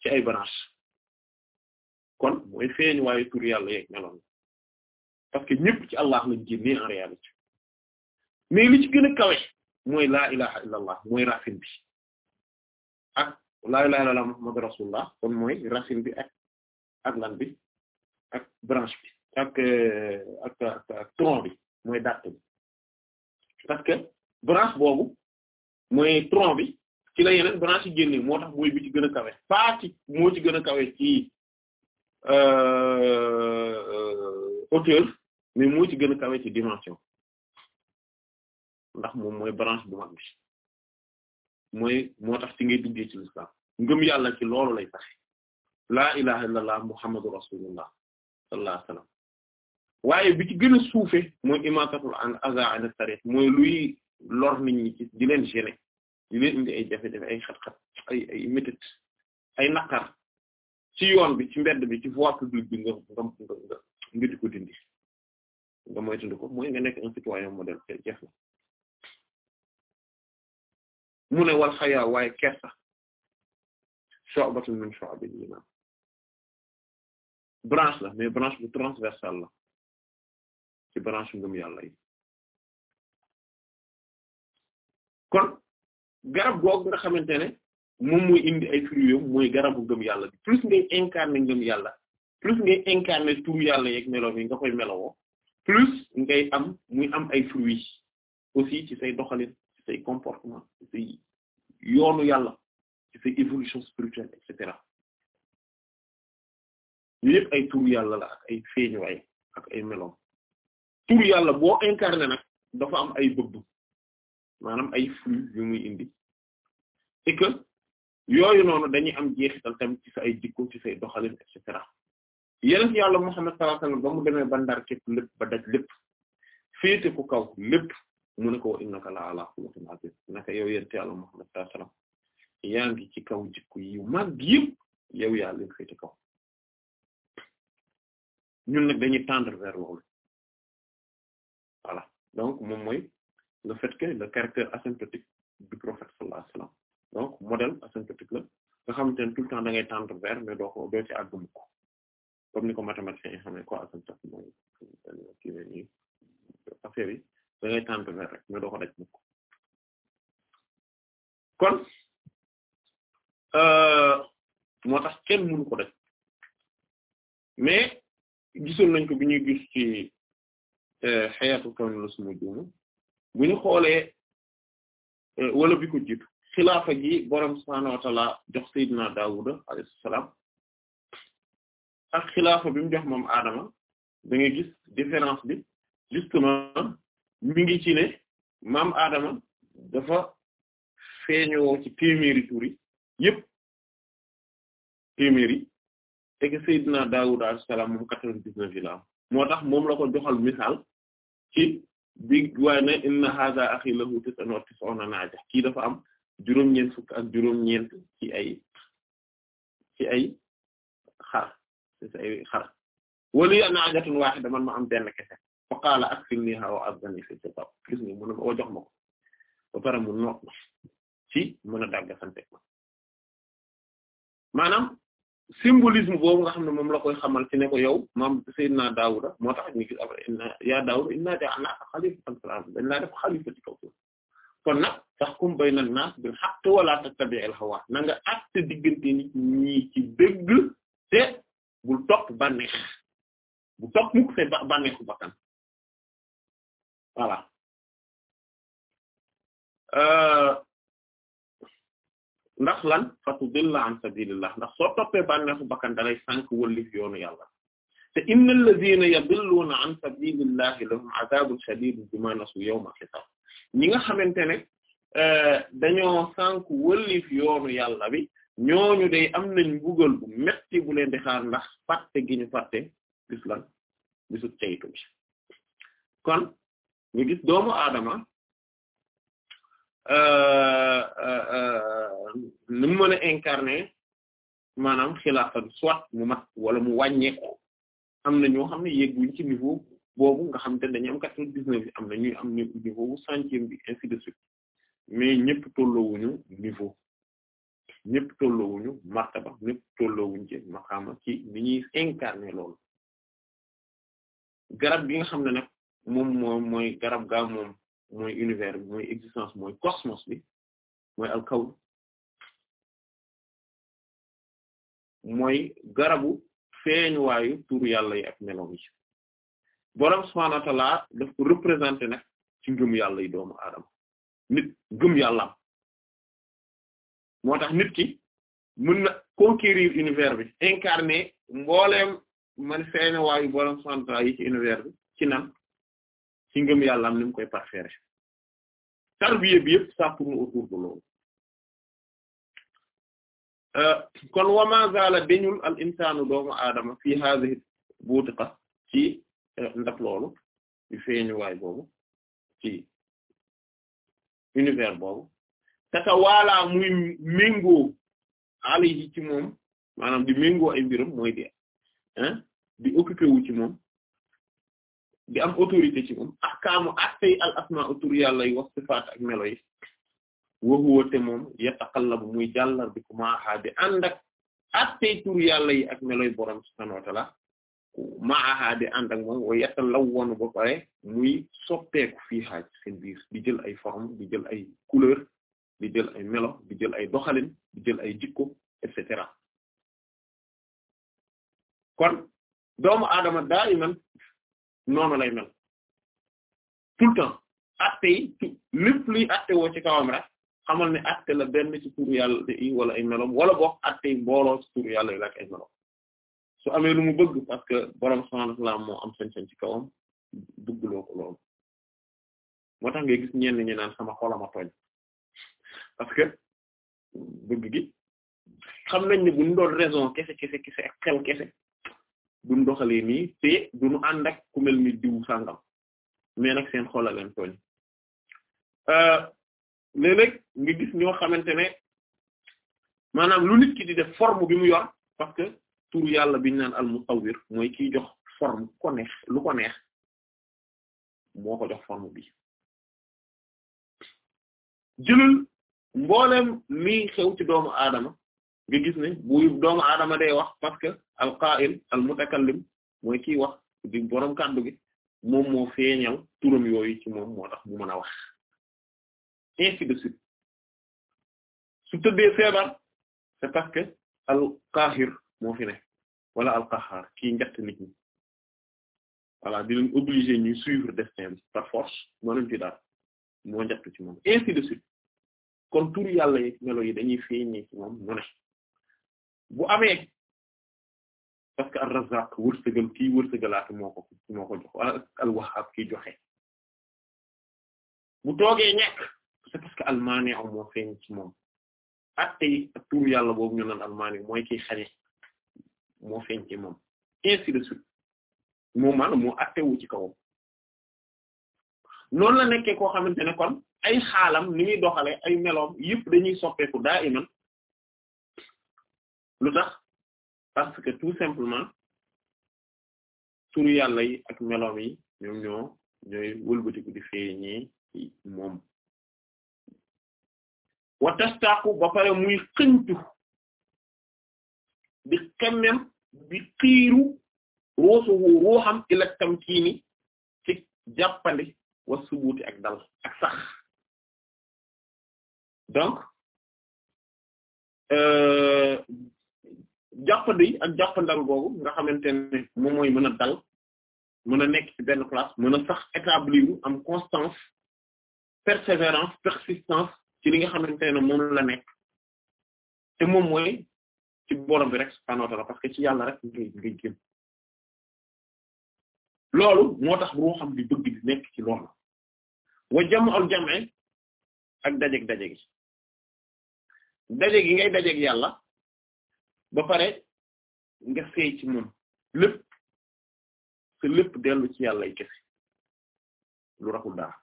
ci ay branche kon mooy feeñ waaye tur yàlla yeeg meloon parce que ñëpp ci Allah la génnee en réalité mais li ci gën a kawe mooy laa ilaha illa allah mooy bi ak laa ilaha illa muhammad rasulullah kon mooy racine bi ak lan bi ak branche bi ak euh, ak bi mooy dàtt bi parce branche boobu mooy tronc bi ci la yeneen branche yi génne moo tax mooy bi ci gën a kawe pas ci moo ci gën a kawe ci euh, hauteur mais moo ci gën a kawe ci dimension ndax moom mooy branche bu mag bi mooy moo tax ci ngay duggee ci l'islam ngëm yàlla ci loolu lay taxe laa ilaha illallah muhammadu rasulullah sallallahu waaye bi ci gën a suufee mooy imatatul an mooy luy lor nit ci di leen gêner di ay jafe-jafe ay xat-xat ay ay ay naqar ci yoon bi ci mbedd bi ci voie publique bi nga nga nga nga di ko dindi nga moytandi ko mooy nga nekk un citoyen modèle jeex na mu ne wal xayaa waaye kersa shu'batun min shu'abil iman branche la mais branche bu transversale la ci branche ngëm yàlla yi kon garab googu nga xamante ne moom mooy indi ay fruits yom mooy garabu ngëm yàlla bi plus ngay incarner ngëm yàlla plus ngay incarner tur yàlla yeeg melo bi nga koy melowoo plus ngay am muy am ay fruits aussi ci say doxalin ci say comportement ci say yoonu yàlla ci say évolution spirituelle et cetera yooyu ay tur yàlla la ak ay feeñuwaay ak ay meloom tur yàlla boo incarné nag dafa am ay bëbb maanaam ay flux yu muy indi et yooyu noonu dañuy am jeexital tamit ci sa ay jikko ci say doxalin et cetera yeneen yàlla Muhammad sallallahu alayhi wasallam ba mu demee kaw lépp mu ne ko wa innaka la yàlla Muhammad sallallahu alayhi yaa ngi ci kaw jikko yu mag yëpp yow yaa leen féete kaw ñun nag dañuy tendre vers loolu donc moom mooy le fait que le caractère asymptotique du prophète sallallahu alayhi wasallam donc modèle asymptotique la nga xamante ne tout temps da ngay tendre vers mais doo ko doo ci àgg mukk ni ko mathématicien yi xam ne quoi asymptotique mooy kii la ñuy affaire yi rek mais doo ko daj mukk kon euh, moo tax kenn mënu ko daj mais gisoon nañ ko bi ñuy gis ci xayaatu euh, kawn la suma juuma bu ñu xoolee euh, wala bi ko jiitu xilaafa gi borom subhaanahu wa ta'aala jox Seydina Daawuda alayhi salaam ak xilaafa bi mu jox moom Adama da nga gis différence bi justement mi ngi ci ne maam Adama dafa feeñoo ci téeméeri tur yi téeméeri et que Seydina Daawud alayhi moom quatre vingt dix am moo tax moom la ko joxal misaal ci bi waaye ne inna hadha akhi lahu tis'un wa tis'una naaja kii dafa am juróom-ñeent fukk ak juróom-ñeent ci ay ci ay xar ci ay xar waliya naajatun waahida ma am benn kese fa qaala akfilniha wa azani fi sita gis nga mën a ma jox ma ko mu noot ma ci symbolisme boobu nga xam ne moom la koy xamal ci ne ko yow maam Seydina Daawuda moo tax ñu gis après inna yaa Daawuda inna ja'alnaaka xaliifatan fil ard dañ laa def xalifa ci kaw suuf kon nag tahkum bayna an-naas bil haqq wa na nga àtte diggante nit ñi ci dëgg te bul topp bànneex bu topp mukk sa bànneexu bakkan voilà euh, ndax lan fatudilla an sabilillah ndax soo toppee bànneexu bakkan dalay sànk wëllif yoonu yàlla te innal ladhina yadilluna an sabilillahi lahum adhabun shadidun bima nasu yawmal hisab ñi nga xamante ne euh, dañoo sànk wëllif yoonu yàlla bi ñooñu day am nañ mbugal bu metti bu leen di xaar ndax fàtte gi ñu fàtte gis lan gisul caytu bi kon nga gis doomu aadama Euh, euh, euh, nu mu mën a incarner maanaam xilaafan soit mu mat wala mu wàññeeku am na ñoo xam ne yegguñ ci niveau boobu nga xam te dañu am quatre vingt dix yi am na ñuy am niveau bu centième bi ainsi de suite mais ñëpp tolloowuñu niveau ñëpp tolloowuñu martaba ñëpp tolloowuñ ci maqaama ci ni ñuy incarner loolu garab gi nga xam ne nag moom moom mooy garab gaa moom mooy univers bi mooy existence mooy cosmos bi mooy alkawn mooy garabu feeñuwaayu turu yàlla yi ak meloom yi boroom subhaanahu wa ta'aala daf ko représenté ci ngëm yàlla yi doomu aadama nit gëm yàllaam moo tax nit ki mën na conquérir univers bi incarner mbooleem man feeñuwaayu boroom subhaanahu wa yi ci univers bi ci nan ci ngëm yàlla am koy parfaire tarbiya bi yëpp ça tourne autour de loolu euh, kon wa ma zaala al insaanu doomu aadama fi hadhihi buutiqa ci euh, ndax loolu ci feeñuwaay boobu ci univers boobu tata waalaa muy méngoo alayhi ci moom maanaam di méngoo ay mbiram mooy di ah di occupé ci moom di am autorité ci moom ahkaamu attey al asmaa tur yàlla yi wax sifaat ak melo yi moom yataqallabu muy jàllar bi ku maaxaa di ànd ak attey tur yàlla yi ak melo yi borom subhaanahu wa ta'aala maaxaa di ànd ak moom way yetta law wonu ba pare muy soppeeku fii xaaj seen biir di jël ay forme di jël ay couleur di jël ay melo di jël ay doxalin di jël ay jikko et cetera kon doomu aadama daa noonu lay mel tout le temps acte yi luy acte woo ci kawam rek xamal ne acte la benn ci turu yàlla yi wala ay meloom wala boog acte yi ci turu yàlla yi lak ay meloom su amee lu mu bëgg parce que borom subhaanahu wa ta'aala moo am sañ-sañ ci kawam bëgguloo ko loolu moo tax ngay gis ñenn ñi naan sama xolama tooñ parce que bëgg gi xam nañ ne bu ñu doon raison kese kese kese ak duñ doxalee nii te duñu ànd ak ku mel diw sàngam mais nag seen xol leen tooñ euh, léeg-léeg gis ñoo xamante ne maanaam lu nit ki di def forme bi mu yor parce que yàlla biñ naan al musawwir mooy kiy jox forme ko neex lu ko moo ko jox forme bi jëlal mboolem lii xew ci doomu aadama nga gis ne bu doomu aadama day wax parce que al qaa'il mooy kiy wax di borom kàddu gi moom moo feeñal turam yooyu ci moom moo tax mu mën a wax ainsi de suite su tëddee feebar c'est parce al qaahir moo fi ne wala al qahaar kii njëkk nit ñi voilà di leen ñuy suivre destin bi par force mënuñ ci daal moo njëkk ci moom ainsi de suite kon tur yàlla yi melo yi dañuy feeñee ci moom mu ne. bu amee parce que ar-Razzaq wërsëgal kii wërsëgalaate moo ko moo ko joxe bu toogee ñàkk parce que al-Mani' moo feeñ ci moom ak tey ak turu yàlla boobu ñu naan al-Mani' mooy ki xañe moo feeñ ci moom ainsi de suite moom maanaam moo attewu ci kawam noonu la nekkee koo xamante ne kon ay xaalam ni muy doxale ay meloom yëpp dañuy soppeeku daa iman lu tax parce que tout simplement turu yàlla yi ak meloom yi ñoom ñoo ñooy wëlbatiku di feeñee ci moom wa tastaaku ba pare muy xëñtu di xemmem di xiiru roosu wu ruuxam ila tamkiini ci jàppandi wa subuuti ak dal ak sax donc euh, jàppandi yi ak jàppandalu googu nga xamante moom mooy mën a dal mën a nekk ci benn place mën a sax établir am constance persévérance persistance ci li nga xamante ne moom la nekk te moom mooy ci borom bi rek subhaanahu wa parce que ci yàlla rek ngay ngay loolu moo tax boo xam di bëgg di nekk ci loolu wa jam'ul jam'i ak dajeeg dajeeg dajeeg yi ngay dajeeg yàlla. ba pare nga seey ci moom lépp sa lépp dellu ci yàlla ay kese lu raxul dara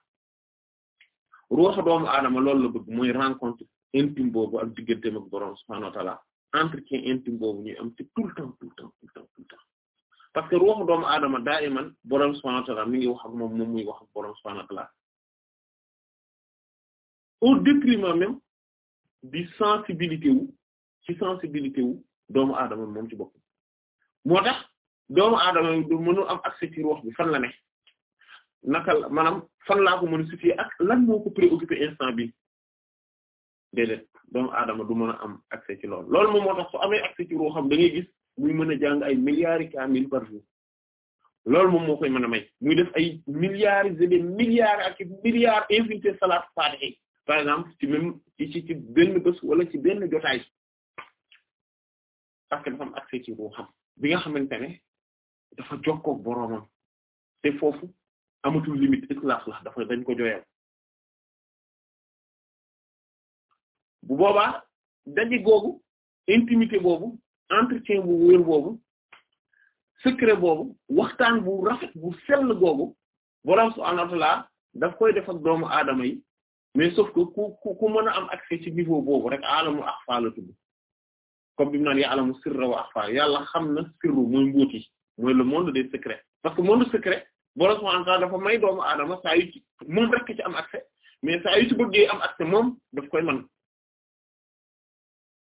ruuxa doomu loolu la bëgg mooy rencontre intime boobu ak digganteem ak borom subhaanahu wa ta'ala entretien intime boobu ñuy am ci tout temps tout temps parce que ruuxa doomu aadama daa iman borom subhaanahu wa ta'ala ngi wax moom muy wax ak borom subhaanahu wa détriment même di sensibilité ci sensibilité doomu aadama moom ci bopp moo tax doomu aadama du mënul am accès ci ruux bi fan la ne naka laa ko mën a situer ak préoccupé instant bi déedéet doomu aadama du mën a am accès ci lool loolu moom moo tax su amee accès ci ruuxam da ngay gis muy mën a jàng ay milliards kaamil par jour loolu moom moo koy mën a may muy def ay milliards et des milliards ak milliards infinité salaat faatiha exemple ci ci ci benn bés wala ci benn jotaay parce que dafa am accès ci ruuxam bi nga xamante ne dafa jokkoog boroomam te foofu amatul limite itlaq la dafa dañ ko jooyal bu boobaa daje googu intimité boobu entretien bu wóor boobu secret boobu waxtaan bu rafet bu sell googu boroom subhaanahu wa ta'aala daf koy def ak doomu aadama yi mais sauf que ku ku mën a am accès ci niveau boobu rek alamul axfa la tudd comme bi mu naan ya'lamu sirra wa akhfa yàlla xam na sirru mooy mbuut yi mooy le monde des parce que monde secret borom subhanahu wa ta'ala dafa may doomu aadama saa yu ci moom rek ci am accès mais saa yu ci bëggee am accès moom daf koy mën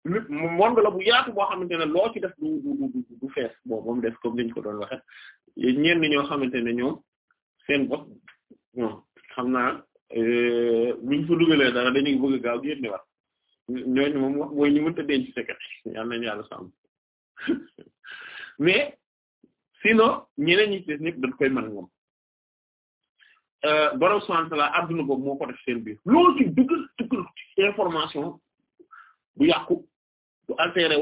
lépp monde la bu yaatu boo xamante ne loo ci def du du du fees bon moom def comme ni ñu ko doon waxe ñenn ñoo xamante ne ñoom seen bopp bon xam naa euh, bu ñu fa dugalee dara dañuy bëgg gaaw génne waat. ñooñu moom wax mooy ñu mënta denc secret yal nañu yàlla sàmm mais sinon ñeneen ñi ci des ñëpp dañ koy mën moom euh, borom subhanahu wa ta'ala adduna boobu moo ko def seen biir loolu ci dugg dugg information bu yàqu du altéré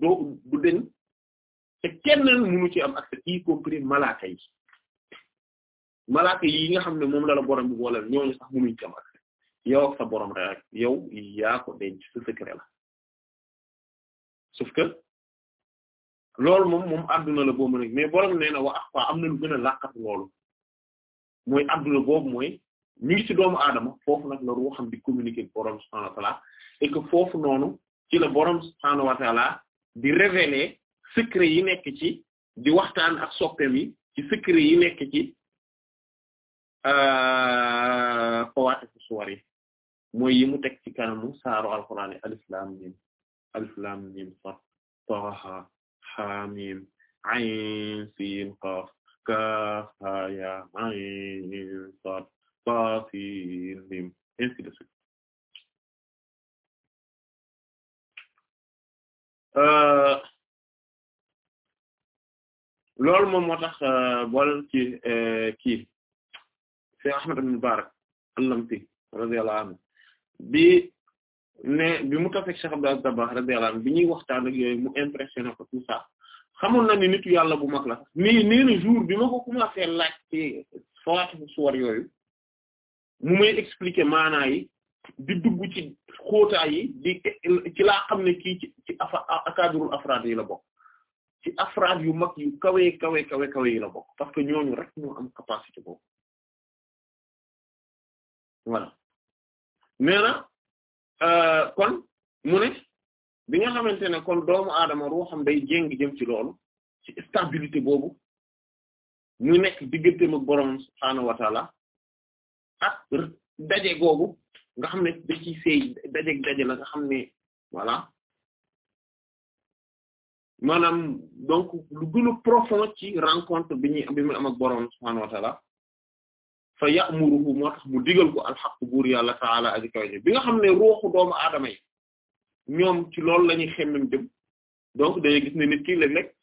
doo du deñ te kenn mënu ci am accès y compris malaaka yi malaaka yi nga xam ne moom la la borom bi booleel ñooñu sax mënuñ ci am yow ak sa borom rek yow yaa ko denc sa secret la sauf que loolu moom moom adduna la boo mais borom nee na na lu gën a làqat loolu mooy adduna boobu mooy ñu ngi ci doomu aadama foofu nag la ruuxam di communiquer ak borom subhaanahu foofu noonu ci la borom subhaanahu di révéler secret yi nekk ci di waxtaan ak soppeem yi ci secret yi nekk ci euh, fawaate fu suwar yi mooy yi mu teg ci kanamu saaru alquran yi alif lam mim alif lam mim saf taha hamim ayn sin qaf kaaf haa yaa ayn sad saa sin mim ainsi de suite loolu moom moo tax bool ci eh, kii fi bi ne bi mu tafek Cheikh Abdou Dabakh radiyallahu anhu bi ñuy waxtaan ak yooyu mu impressionné ko tout ça xamoon na ni nit yàlla bu mag la mais nee jour bi ma ko commencé laaj ci mu may expliquer maanaa di dugg ci laa xam ne ki ci ci afa akadurul afraad yi la bokk ci afraad yu mag yu kawe kawe kawe kawe yi la bokk parce que ñooñu rek ñoo am capacité boobu voilà nee na euh, kon mu ne bi nga xamante ne kon doomu aadama ruuxam day jéng jëm ci loolu ci stabilité boobu mu nekk digganteem ak boroom subhaanahu wa taala ak daje googu nga xam ne da ciy seey dajeeg daje la nga xam ne voilà maanaam donc lu gën a ci rencontre bi ñuy bi muy am ak boroom subhaanahu wa fa ya'muruhu moo tax mu digal ko alxaqu buur yàlla ta'ala bi nga xam ne ruuxu doomu aadama yi ñoom ci loolu lañuy ñuy xemmem jëm donc dañuy gis ne nit ki la nekk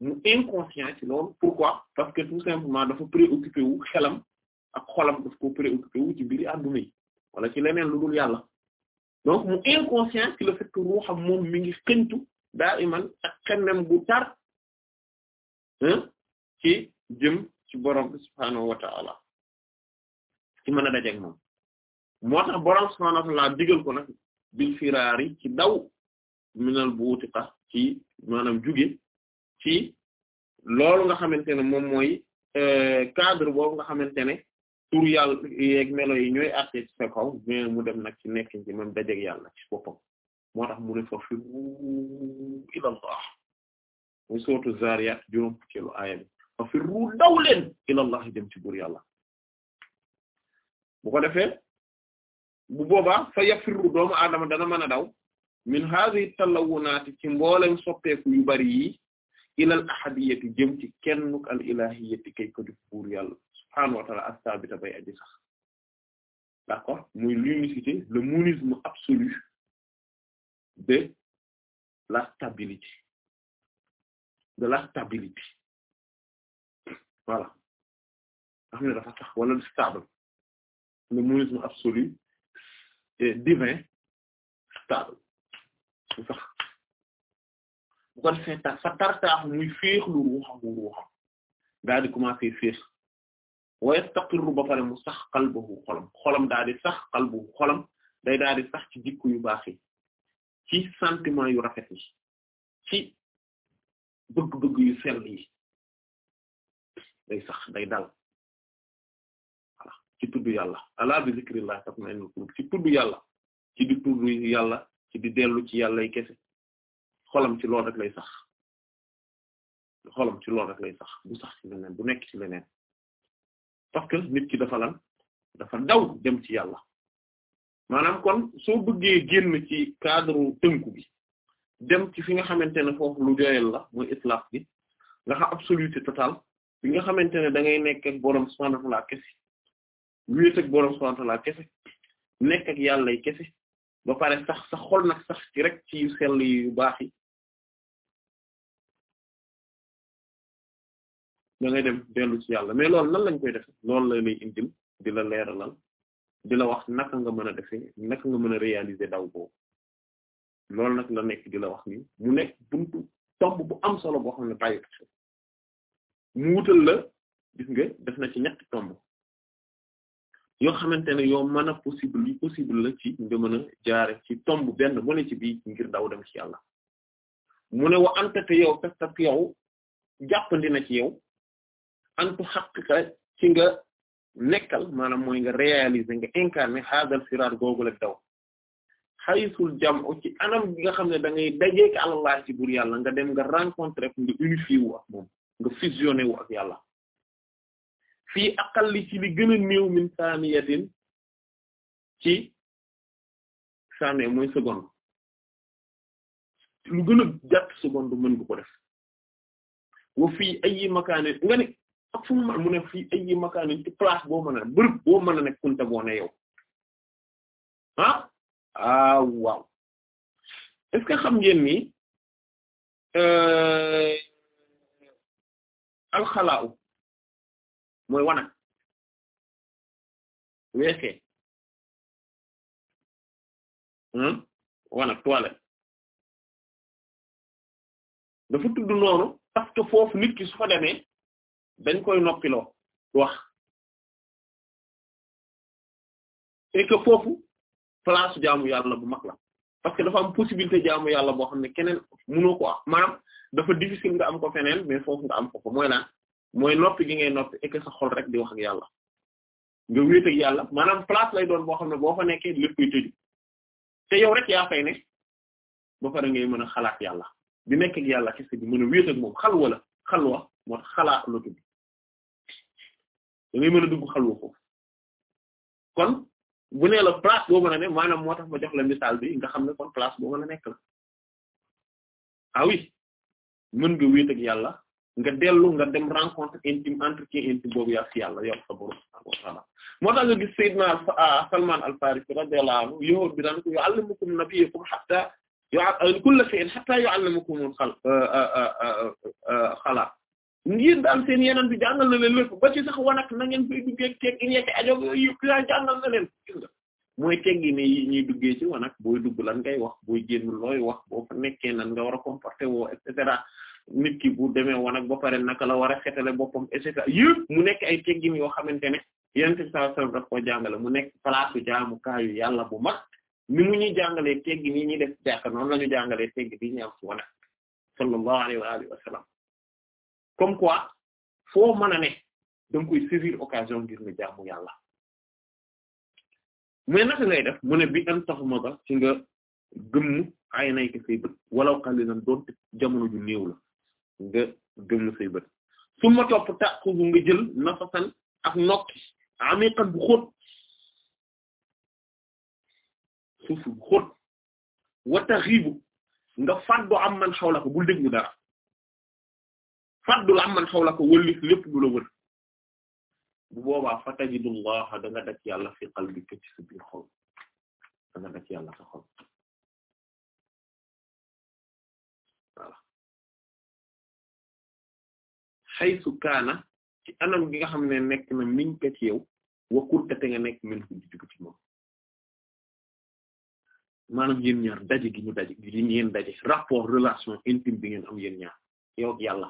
mu inconscient ci loolu pourquoi ruuxam moom mi ngi xëntu daa iman ak xemmem bu tar ci jëm ci borom bi wa ta'ala ci mën a dajeeg moom moo tax borom subhaanahu wa ta'aala digal ko nag bil firaari ci daw minal buutiqa ci maanaam juge ci lool nga xamante ne moom mooy euh, cadre boobu nga xamante ne tur yàlla yeeg melo yi ñooy àttee ci sa mu dem nag ci nekk ci moom dajeeg yàlla ci boppam moo tax mu ne fa fi ila Allah muy sootu juróom fukkeelu aaya bi fa fi ru daw leen ci buur yàlla bu ko defee bu boobaa fa yafirru doomu aadama dana mën a daw min hadhihi talawunaati ci mboolem soppeeku yu bari yi ilal ahadiyati jëm ci kennuk al ilahiyati kay ko di pour yàlla subhaanahu wa ta'ala as bay aji sax d'accord muy l'unicité le monisme absolu de la stabilité de la stabilité voilà nga ne dafa sax wala stable le monisme absolu et divin stable bu sax bu ko defee tax fa tartaax muy féex lu ruuxam ruuxam daal di commencer féex waaye taqirru ba pare mu sax qalbuhu xolam xolam daal di sax qalbuhu xolam day daal sax ci jikko yu baax yi ci sentiment yu rafet yi ci bëgg-bëgg yu sell yi day sax day dal ci tudd yàlla ala bi ci tudd yàlla di tudd yàlla ci di dellu ci yàllay kese xolam ci lool rek lay sax ci lool rek bu sax ci leneen bu nekk ci leneen parce nit ki dafa lan dafa daw dem ci yàlla maanaam kon soo bëggee génn ci cadre tënku bi dem ci fi nga xamante ne foofu lu joyel la mooy islam bi nga xam absoluté totale bi nga xamante ne dangay ngay nekk ak borom kese wéet ak borom subhanahu laa ta'ala kese nekk ak yàlla yi kese ba pare sax sa xol nag sax ci rek ci yu sell yu baax yi da ngay dem dellu ci yàlla mais lool nan lañ koy defe loolu la lay indil di la leeralal di la wax naka nga mën a defee naka nga mën a réaliser daw boobu loolu nag la nekk di la wax nii mu nekk buntu tomb bu am solo boo xam ne bàyyi ko mu wutal la gis nga def na ci ñetti tomb yoo xamante ne yoo mën a possible yu possible la ci nga mën jaare ci tomb benn mu ne ci bii ngir daw dem ci yàlla mu ne wa anta te yow fekk yow jàppandi na ci yow antu xaqiqa ci nga nekkal maanaam mooy nga réaliser nga incarner xaadal siraat googu la daw xaysul jam'u ci anam gi nga xam ne da ngay dajeek Allah ci buur yàlla nga dem nga rencontrer nga unifié wu ak moom nga fusionné wu ak yàlla fii aqalli ci li gën néew min saniyatin ci saniya mooy seconde lu gën a gàtt mën nga ko def wa fii ay makaanin nga ne ak fu mu mu ne fii ay makaanin ci place boo mën a bërëb boo mën nekk kunta boo ne yow ah, ah, waaw est que xam ngeen ni euh, alxalaaw mooy wanag weesee hmm? wanag toilette dafa tudd noonu parce que foofu nit ki su fa demee dañ koy noppiloo wax et que foofu place jaamu yàlla bu mag la parce que dafa am possibilité jaamu yàlla boo xam ne keneen mënoo ko am maanaam dafa difficile nga am ko feneen mais foofu nga am ko ko mooy laa mooy noppi gi ngay noppi ek sa xol rek di wax yàlla nga wéet yàlla maanaam place lay doon boo xam ne boo fa nekkee léppay tëju te yow rek yaa fay ne ba pare ngay mën a xalaat yàlla di nekk yàlla kese bi mën a wéet la xalwa ngay mën a dugg xalwa foofu kon bu nee la place boo mën a ne maanaam moo tax ma jox la misaal bi nga xam ne kon place boo mën a nekk la ah mën nga wéet yàlla nga dellu nga dem rencontre intime entretien intime boobu yaa ci yàlla yor sa borom subhaanahu wa ta'aala moo tax nga gis Seydina ah, Salman al-Farisi radiyallahu anhu yahuud bi daan ko yu'allimukum nabiyukum hatta yu'allim kulla shay'in hatta yu'allimukum ah, ah, xalaat daal seen yeneen bi jàngal na leen lépp ba ci sax wanak na ngeen fay duggee teg gi ñekke ajob mooy teg gi yi ñuy duggee ci wanak booy dugg lan ngay wax booy génn looy wax boo nekkee nan nga war comporter woo et nit ki bu demee wanag ba pare naka la war a xetale boppam et cetera yëpp mu nekk ay teggin yoo xamante ne yonent bi sallallahu alayhi wasallam jàngale mu nekk place jaamukaayu yàlla bu mag ni mu ñuy jàngalee teggin yi ñi de jàkka noonu lañu ñu jàngalee teggin yi ñuy am ci sallallahu alayhi wa alihi comme quoi foo mën a ne da nga koy saisir occasion ngir nga jaamu yàlla mais naka ngay def mu ne bi an taxuma ba ci nga gëmm ay nay ko say bët walaw xalilan doonte jamono ju la nga gëmm say bët su ma topp taxubu nga jël nafasan ak nokki amiqan bu xóot suuf bu xóot wata xiibu nga faddu am man xawla ko bul déglu dara faddu la am man xawla ko wëlif lépp du la wër bu boobaa fa tajidullaha da nga dak yàlla fi qalbika ci sa xol nga dak yàlla sa xol voilà xaysu kaana ci anam gi nga xam ne nekk na miñ ko ci yow wakkunte te nga nekk min fu di moom maanaam yéen ñaar daje gi ñu daje gi ngeen daje rapport relation intime bi ngeen am yéen ñaar yow yàlla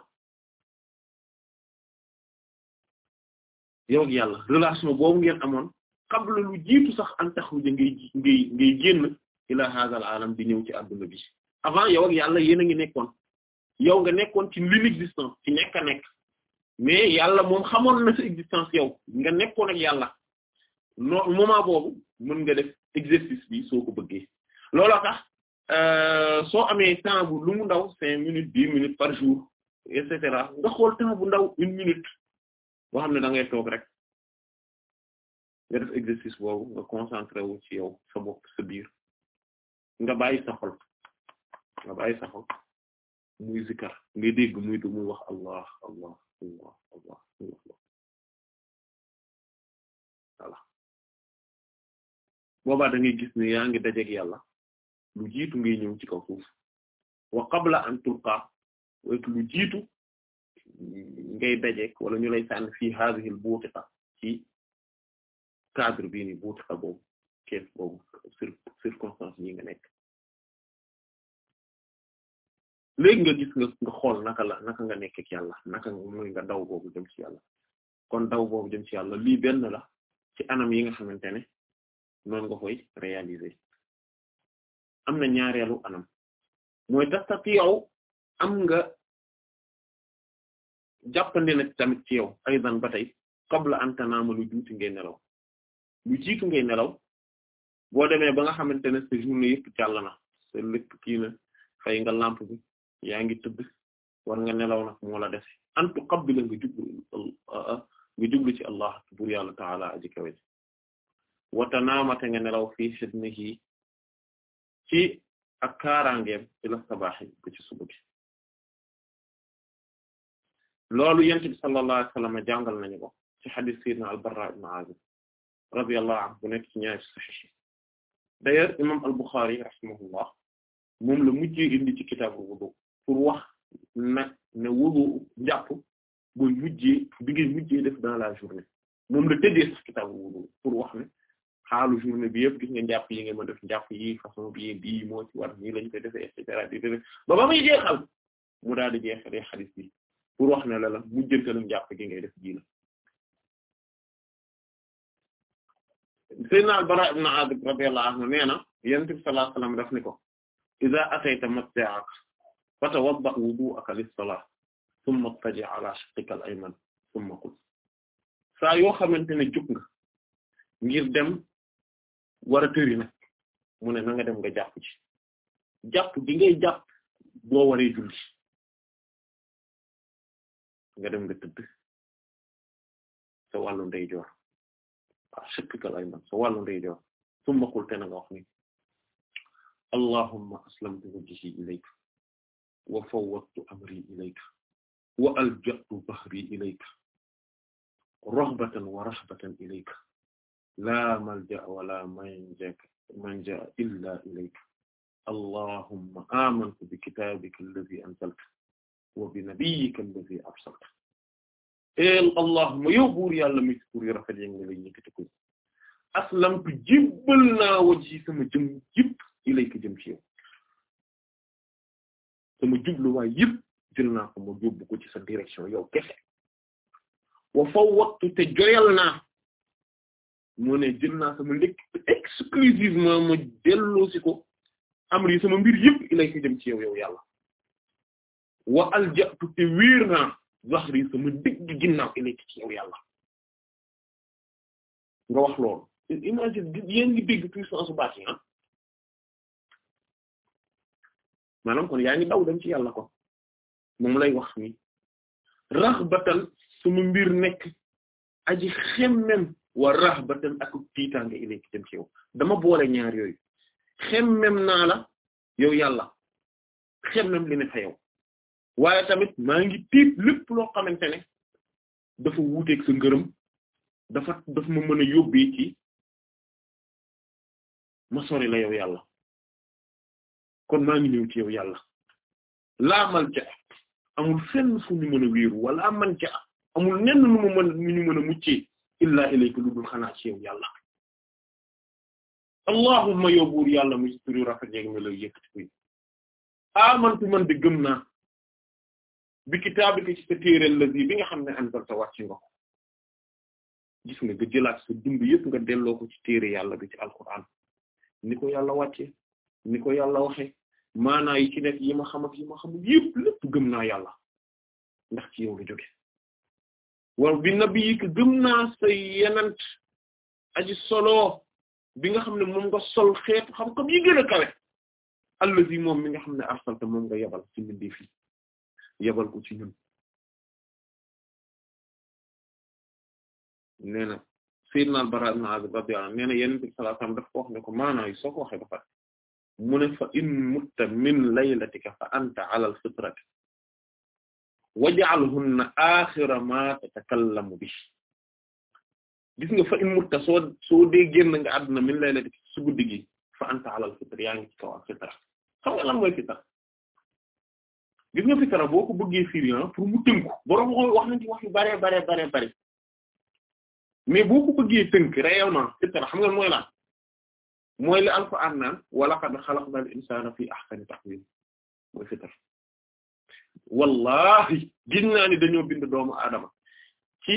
yow yàlla relation boobu ngeen amoon qabla lu jiitu sax an taxruja ngay ngay ngay génn ila hazal alam di ñëw ci adduna bi avant yow yàlla yéen a ngi nekkoon yow nga nekkoon ci l'inexistence ci nekk nekk mais yàlla moom xamoon na sa existence yow nga nekkoon ak yàlla no moment boobu mën nga def exercice bi soo ko bëggee loola tax euh, soo amee temps bu lu mu ndaw cinq minutes dix minutes par jour et cetera nga xool temps bu ndaw une minute boo xam ne da ngay toog rek nga def exercice boobu nga concentré wu ci yow sa bopp sa biir nga bàyyi sa xol nga bàyyi sa xol muy zikar ngay dégg muy du muy wax allah allah Allah Allah Allah voilà boobaa da ngay gis ne yaa ngi dajeeg yàlla lu jiitu ngi ñëw ci kaw suuf wa qabla an tulqa wet lu jiitu ngay dajeeg wala ñu lay sànn fii hadhihi al buutiqa ci cadre bii ni buutiqa boobu kees boobu circonstance yi nga nekk léegi nga gis nga xool naka la naka nga nekk ak yàlla naka nga daw boobu jëm ci yàlla kon daw boobu jëm ci yàlla lii benn la ci anam yi nga xamante ne noonu nga koy réaliser am na ñaareelu anam mooy dasta ci yow am nga jàppandi na tamit ci yow ay aydan ba tey qabla an tanama lu juuti ngay nelaw lu jiitu ngay nelaw boo demee ba nga xamante ne sa journée na sa lépp kii na fay nga lampe yaa ngi tëdd war nga nelaw nag moo def an tuqabbila nga jublu jublu ci allah buur yàlla taala aji kawe wa tanaamate nga nelaw fii xidmihi ci ak kaaraangeem ila sabaaxi bu ci suba loolu yent bi sallallahu alayhi wa sallam nañu ko ci xadis sayyidina al-Barra ibn Azib radiyallahu anhu bu nekk ci ñaari sahih d'ailleurs imam al-Bukhari rahimahullah moom la mujjee indi ci kitaabul wudu pour wax nag ne wudu njàpp booy mujjee bi ngay mujjee def dans la journée moom la tëddee sax kitaabu wudu pour wax ne xaalu journée bi yëpp gis nga njàpp yi nga ma def njàpp yi façon bi bii moo ci war nii lañ ko defee et ba ba muy jeexal mu daal di jeexalee xadis wax ne la la mujjantalu def ji la Seydina Al-Bara ibn Azib radiyallahu anhu nee na yonent bi sallallahu alayhi wasallam ni ko iza atayta masjidaka fatawadda wudu'aka lis-salat thumma ittaji' ala shiqqika al thumma qul saa yoo xamante ne jóg nga ngir dem war a tëri nag mu ne na dem nga jàpp ci jàpp gi ngay jàpp boo waree julli nga dem nga tëdd sa wàllu ndeyjoor waaw shiqqika al-ayman sa thumma qul te nga wax ni allahumma aslamtu wajhi ilayka wa fawwadtu amri ilayka wa alja'tu bahri ilayka rahbatan wa rahbatan ilayka laa malja'a wa laa manja'a illaa ilayka allahumma aamantu bi kitaabika alladhii anzalta wa bi nabiyyika alladhii arsalta el allahumma yow buur yàlla mi tur yu rafet yi nga lay yëkkati ko aslamtu jibbal naa wajhi sama jëm jibb ilayka jëm ci yow sama jubluwaay yëpp jël naa ko ma yóbbu ko ci sa direction yow kese wa fawwattu te joyal naa mu ne jël naa sama lekk exclusivement ma delloosi ko amri sama mbir yëpp ilay ko jëm ci yow yow yàlla wa alja'tu te wiir naa zahri sama digg ginnaaw ilay ko ci yow yàlla nga wax loolu imagine yéen dégg puissance bu baax ah. maanaam kon yaa ngi daw dem ci yàlla kon moom lay wax ni raxbatan suma mbir nekk aji xemmem wa raxbatan ak tiitaange ilay ki dem ci yow dama boole ñaar yooyu xemmem naa la yow yàlla xemmem li ne fa yow waaye tamit maa ngi tiit lépp loo xamante ne dafa wuuteeg sa ngërëm dafa daf ma mën a yóbbee ma sori yow yàlla kon maa ngi ñëw ci yow yàlla laa malja amul fenn fu ñu mën a wéeru wala manja amul nenn ma mu mën ñu mën a muccee illaa ilayka lu dul xanaa ci yow yàlla allahumma yow buur yàlla muy turu rafet yeeg ma lay yëkkati koy amantu man de gëm naa bi kitaabika ci sa téereel lazi bi nga xam ne anzalta wàcc nga ko gis nga nga jëlaat sa dund yëpp nga delloo ko ci téere yàlla bi ci alquran ni ko yàlla wàccee ni ko yàlla waxe maanaa yi a nekk yi ma xam ak yi ma xamul yëpp lépp gëm naa yàlla ndax ci yow la jóge bi nabi gëm naa sa aji solo bi nga xam ne moom nga sol xeetu xam-xam yi gën a kawe allazi moom mi nga xam ne arsalta moom nga yebal ci mbindeef yi yebal ko ci ñun nee na sayyidna al-Bara ibn Azib radiyallahu na yenent bi sallallahu alayhi wasallam ko wax ne ko maanaa yi soo mu ne fa in mutta min laylatika fa anta ala fitrati waj'alhunna axira ma tatakallamu bi gis nga fa in mutta soo soo dee génn nga àdduna min laylatika su gi fa anta ala al yaa ngi ci kaw al fitra xam nga lan mooy boo ko bëggee firian ah, pour mu tënku borom wax nañ ci wax bare bare bare bare mais boo ko bëggee tënk réellement fitra xam nga mooy lan mooy li alxuraan naan wa laqad xalaqnal insaana fii ahsani taqwiim mooy fitar wallahi gin naa ni dañoo bind doomu aadama ci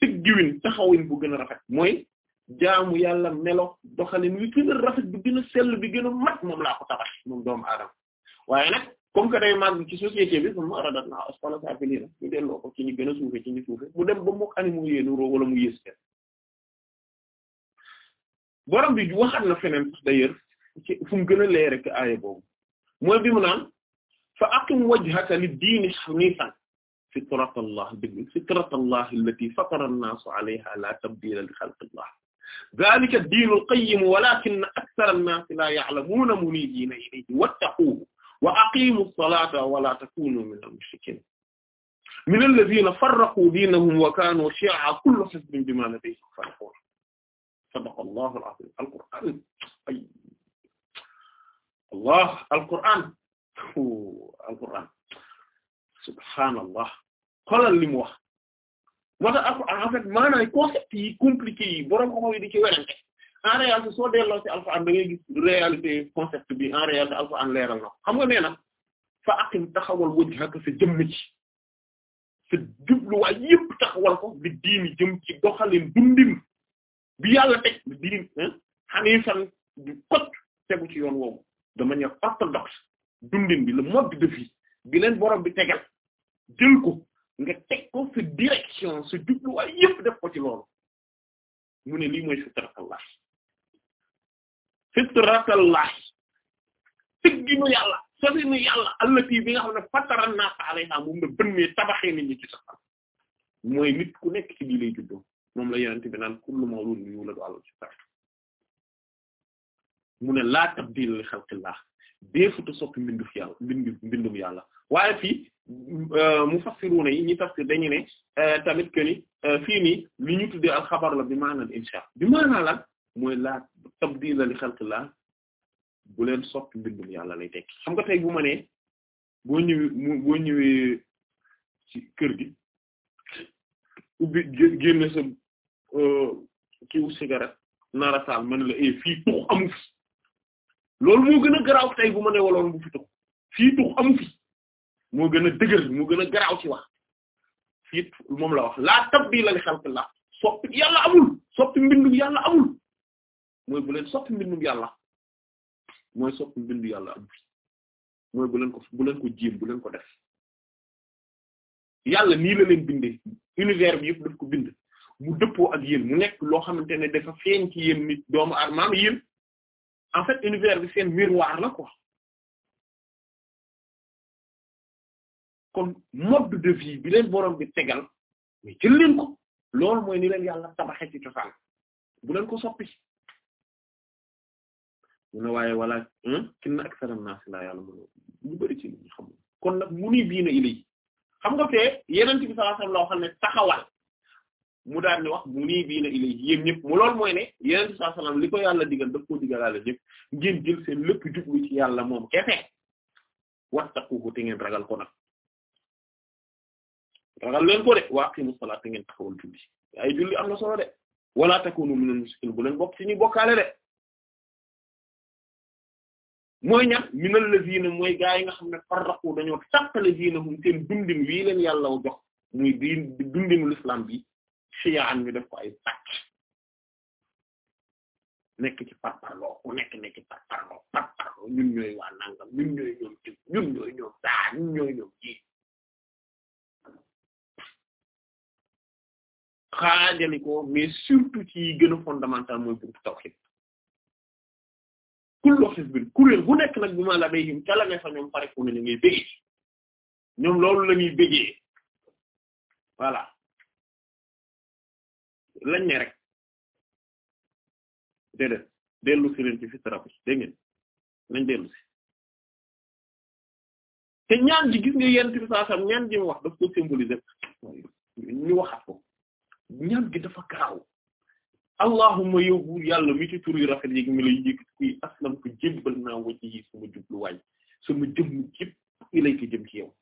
tëggiwin taxawin bu gën a rafet mooy jaamu yàlla melo doxalin wi gën a rafet bi gën a sell bi gën a mat moom laa ko tabax moom doomu aadama waaye nag comme que ci société bi sama radat naa asfala saafiliina ñu delloo ko ci ñu gën a suufe ci mu dem ba mook animaux yéenu roo wala mu yées borom bi waxaat na feneen sax d'ailleurs ci fu mu gën a leer rek aaya boobu mooy bi mu naan fa aqim wajhaka lid-diini haniifan fitratallah dëgg fitratallah allati fatara an-naasa alayha laa tabdiila li xalqillah zaalika ad-diinu al-qayyim walaakinna akthara an-naasi laa ya'lamuuna muniibiina ilayhi wattaquuhu wa aqiimu as-salaata wa laa takuunuu mina al-mushrikiin mina allaziina farraquu diinahum wa kaanuu shii'an kullu hizbin bimaa ladayhim farihun sadaqallahul azim alquraan ay allah alquraan alquraan subhaanallah xoolal li mu wax moo tax concept yi compliqué yi boroom xam-xam yi di ci werante en réalité soo delloo ci alquraan da ngay leeral na xam nga nee fa aqim taxawal wajhaka sa jëmm ci sa jubluwaay yëpp taxawal ko bi diini jëm ci doxalin dundin bi yàlla teg diin hanifan du kot tegu ci yoon woowu de manière orthodoxe dundin bi le mode de bi leen borom bi tegal jël ko nga teg ko sa direction sa jubluwaay yëpp def ko ci loolu mu ne lii mooy fitratallah fitratallah tëgginu yàlla sofinu yàlla allati bi nga xam ne fatara naasa alayha moom na bën mee tabaxee nit ñi ci saxam mooy nit ku nekk ci lii lay juddoo moom la yenente bi naan mu ne laa tabdila li xalqillah deefuta soppi mbinduf yàlla mbindu mbindum yàlla waaye fii euh, mu fassiruna yi ñi tafsir dañu ne euh, tamit que ni euh, fii nii li ñu tuddee al la bi maanaam insha bi maanaa lan mooy laa tabdila li xalqillah bu leen soppi mbindum yàlla lay tekki xam nga tey bu ma nee boo ñëwee mu boo ñëwee ci kër gi ubbi génne sa Euh, kiiwu cigarette nar a taal ma la eh tux amu fi loolu moo gën a garaaw tey bu ma ne waloon bu fi tux fii tux amu fi moo gën a dëgër moo gën a garaaw ci wax fii moom la wax laa tabdila li xalqillah soppi yàlla amul soppi mbindum yàlla bu leen soppi mbindum yàlla mooy soppi mbindu yàlla mooy bu leen ko bu leen ko jéem bu leen ko def yàlla nii la leen bindee univers bi yëpp daf ko bind mu dëppoo ak yéen mu nekk loo xamante ne dafa feeñ ki yéen nit doomu aadama yéen en fait univers bi seen miroir la quoi kon mode de vie bi leen boroom bi tegal mais jël leen ko loolu mooy ni leen yàlla tabaxe ci cosaan bu leen ko soppi mu ne waaye wala kinna hmm, aksara naas la yàlla mën ñu bari ci li ñu xam kon nag mu ni biina ilay xam nga yeneen bi sallallahu alayhi wasallam ne taxawal mu daal di wax muniibiina ilayhi yéen ñëpp mu loolu mooy ne yeneen saa li ko yàlla digal daf koo digalaale ñëpp ngeen jël seen lépp jublu ci yàlla moom kese wattaquhu te ngeen ragal ko nag ragal leen ko de wa aqimu salaat te ngeen taxawal julli ay julli am na solo de wala takunu minal mushrikiin bu leen bokk ci ñuy bokkaale de mooy ñax minal lazina mooy gaa yi nga xam ne farraqu dañoo tàqale diinahum seen dundin wii leen yàlla jox bi xiyaan ñu def ko ay pàcc nekk ci parparloo ku nekk nekk ci parparloo parparloo ñun ñooy waa nangam ñun ñooy ñoom ci ñun ñooy ñoom daa ñun ko mais surtout ci yi gën a fondamental mooy buntu tawhid kullu hizbin kuréel bu nekk nag bu ma la bay yim ca la ku loolu la ñuy bëggee voilà lañ ne rek déedéet dellu si leen ci fitra bi dégg ngeen nañ dellu si te ñaan ji gis nga yent bi saa sam ñaan ji wax daf ko symboliser ñu waxat ko ñaan gi dafa gaaw allahumma yow buur yàlla mi ci tur rafet yi mi lay yëkkati kuy aslam ko jébbal naa wacc yi sama jubluwaay sama jëmm jëpp ilayka jëm ci yow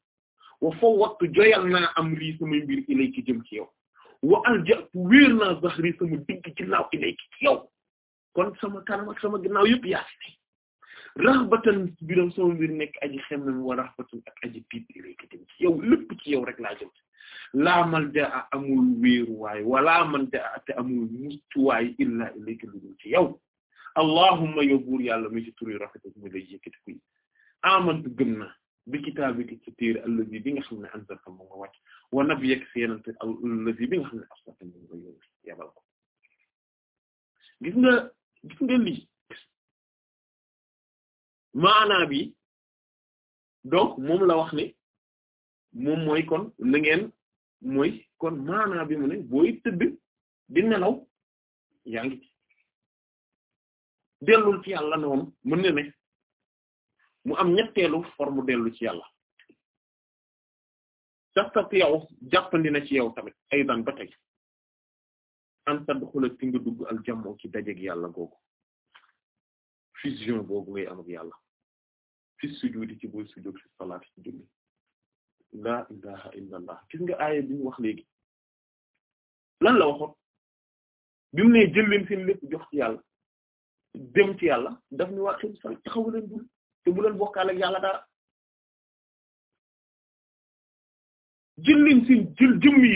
wa fawwattu joyal naa am rii samay mbir ilayka jëm ci yow wa aljatu wéer naa zahri sama digg ginnaaw ilayki ci yow kon sama kanam ak sama ginnaaw yëpp yaa fi rahbatan biram sama mbir nekk aji xemmem wa rahbatun ak aji piit ilayki dem ci yow lépp ci yow rek laa jëm laa malja'a amul wéeruwaay wala manja'a te amul muccuwaay illaa ilayka lu dul ci yow allahumma yow buur yàlla mi ci turi rafet ak mu lay yëkkati kuy amantu gëm naa bi kitaabi ci téere allazi bi nga xam ne anzalta moom nga wàcc wa nabiyyaka si yenente allazi bi nga xam ne arsalta moom ko gis nga gis nga lii maanaa bi donc moom la wax ne moom mooy kon la mooy kon maanaa bi mu ne booy tëdd di nelaw yaa ngi dellul ci yàlla noonu mën na ne mu am ñetteelu forme dellu ci yàlla tastati'u jàppandi ci yow tamit aydan ba tey an tadxula ci nga dugg al jamoo ci yàlla googu fusion boobu ngay am yàlla fi sujudi ci booy sujud fi salaati ci julli laa ilaha illa allah nga aaya bi ñu wax léegi lan la bi mu ne jël leen seen lépp jox ci yàlla dem ci yàlla daf ni waa xim sal taxaw leen dul te bu leen bokkaale ak yàlla dara jël leen seen jël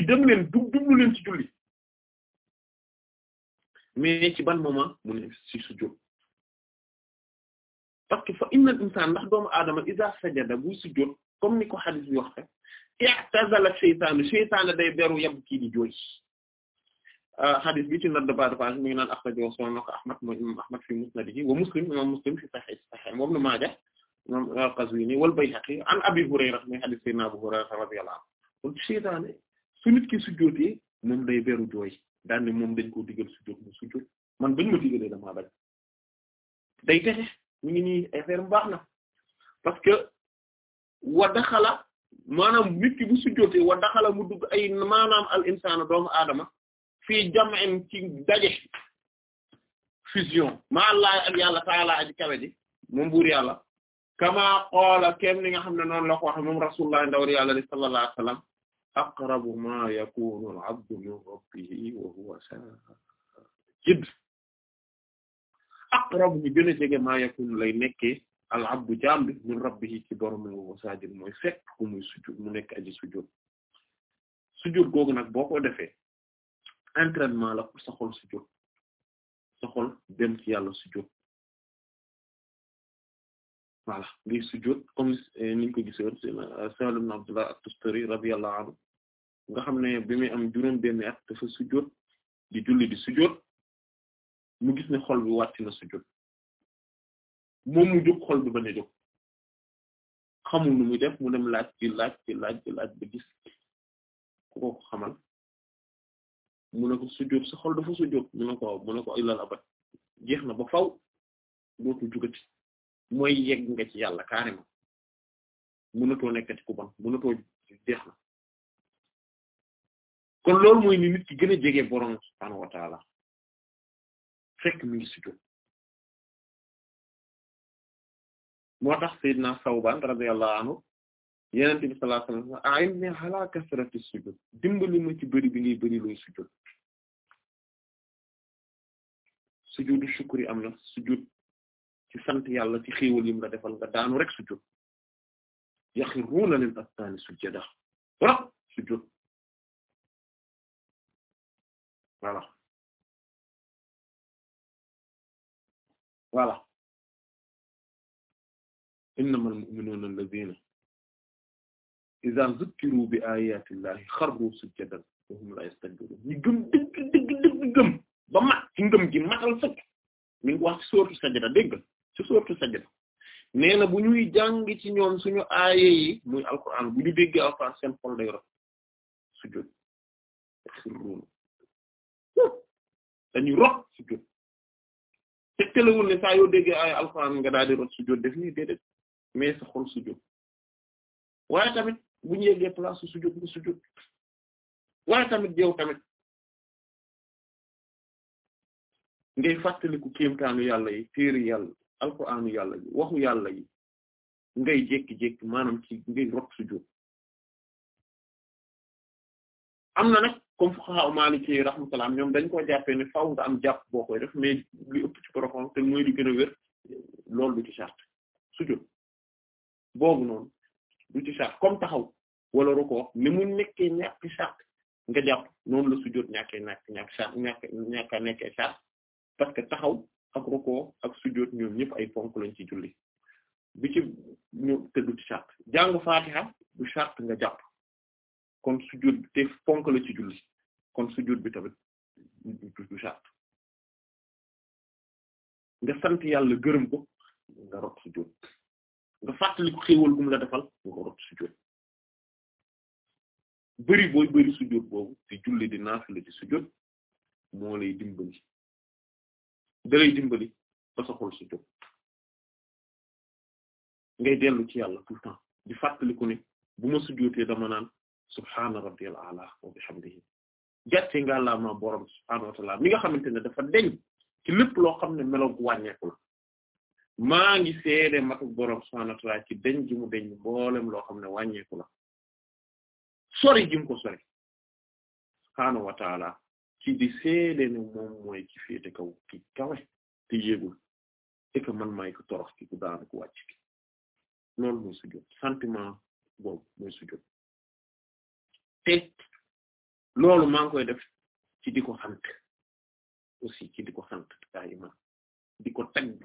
dem leen dug dublu leen ci julli mais ci ban moment mu ne ci sujjóot parce fa inna insaan ndax doomu aadama iza sajada bu sujjóot comme ni ko hadith bi wax rek i'tazala shaytaanu shaytaanu day beru yab kii di jooy xadis euh, bi ci note de bas de page mi ngi naan axrajahu solo ko Ahmad Ahmad fi wa Muslim imam Muslim fi sahih sahih moom Ibn Maaja imam al-Qazwini wal Bayhaqi an Abi Hurayra muy xadis Seydina Abu Hurayra radiyallahu anhu kon seytaane su nit ki sujjóotee moom day beru jooy daan ne moom dañ ko digal sujjóot mu sujjóot man bañ ma digalee damaa bañ day texe mu ngi nii affaire bu baax na parce que wa daxala maanaam nit ki bu sujjóotee wa daxala mu dugg ay maanaam al insaana doomu aadama fii jam'in ci daje fusion ma Allah ak aji kawe moom buur yàlla kama qaala kem ni nga xam ne noonu la ko waxe moom rasulullah ndawri yàlla li sallallahu alayhi wasallam aqrabu ma yakunu al-abdu min rabbihi wa huwa saajid aqrabu bi gën a jege ma yakunu lay nekkee al-abdu jaam bi min rabbihi ci mu nekk aji sujud sujud googu nag boo ko defee entraînement la pour sa xol su sa xol dem ci yàlla su jóg voilà ngay sujjóot comme eh, niñ ko gisoon euh, Sahl nga xam ne bi muy am juróom benn at dafa di julli di sujjóot mu gis ne xol bi wàcc na moom mu jóg xol bi bañ a jóg xamul nu muy def mu dem laaj ci laaj ci laaj ci laaj ba gis ku ko xamal mu ne ko sujjóot sa xol dafa sujjóot mu ne ko waaw mu ko illal abad jeex na ba faw dootu jugati mooy yegg nga ci yàlla carrément mënatoo nekkati ku ban mënatoo jeex na kon loolu mooy ni nit ki gën jege borom subhaanahu wa taala fekk mi ngi sujjóot moo tax Seydina Sawban radiyallahu anhu Yonent bi sallallahu alayhi wa sallam a'inni ala sujud dimbali ci bëri bi ngay bëri looy sujud sujudu shukri am na sujud ci sant yàlla ci xéewal yim la defal nga daanu rek sujud yaxirruuna lil azqaani sujjada ah sujud voilà voilà innamal mu'minuuna alladhiina izaa zukkiru bi ayaatillahi xarru sujjadan wa hum laa yastakbiruun gëm dëgg dëgg dëgg gëm na bu ñuy jàng ci ñoom suñu aaye yi muy alquran bu ñu déggee alquran seen xol day rot sujjóot xirruun dañuy saa yoo déggee ay alquran nga daal di sujjóot def nii déedéet mais sa xol sujjóot waaye tamit bu ñu yeggee place sujud nga sujud waaye tamit yow tamit ngay fàttaliku kéemtaanu yàlla yi téeri yàlla alquraanu yàlla yi waxu yàlla yi ngay jékki-jékki maanaam ci ngay rot sujud am na nag comme fuqaha maliki yi ñoom dañ koo am jàpp boo koy def mais li ëpp ci prokon te mooy li gën a wér loolu du ci charte sujud boobu noonu du ci charte comme taxaw wala ruko ni mu nekkee ñàkk charte nga jàpp noonu la sujjóot ñàkkee ñàkk ñàkk charte ñàkk ñàkk a charte parce que taxaw ak ruko ak sujjóot ñoom ñëpp ay ponk lañ ci julli bi ci ñu te du nga jàpp kon sujjóot bi la ci julli kon sujjóot bi tamit du charte nga sant yàlla gërëm ko nga rot sujjóot nga fàttali ko xéewal gum la defal nga ko rot sujjóot bëri booy bëri sujjóot boobu di julli di naafila di sujjóot moo lay dimbali dalay dimbali ba sa sujjóot ngay dellu ci yàlla tout temps di fàttaliku ne bu ma sujjóotee dama naan subhaana rabbiyal a'la wa bihamdihi gàcce nga la ma borom subhaanahu wa mi nga xamante ne dafa deñ ci lépp loo xam ne meloog wàññeeku la maa ngi seede matuk boroom subhaanahu ci deñ gi mu deñ mboolem loo xam ne wàññeeku la sori gi ko sori subhaanahu wa ci di seede ne moom mooy ci féete kaw ki kawe te yéegul et que man maay ko torox ki ku daanu ku wàcc ki loolu mooy sentiment boobu mooy sujjóot te loolu maa ngi koy def ci di ko sant aussi ci di ko sant daayiman di ko tagg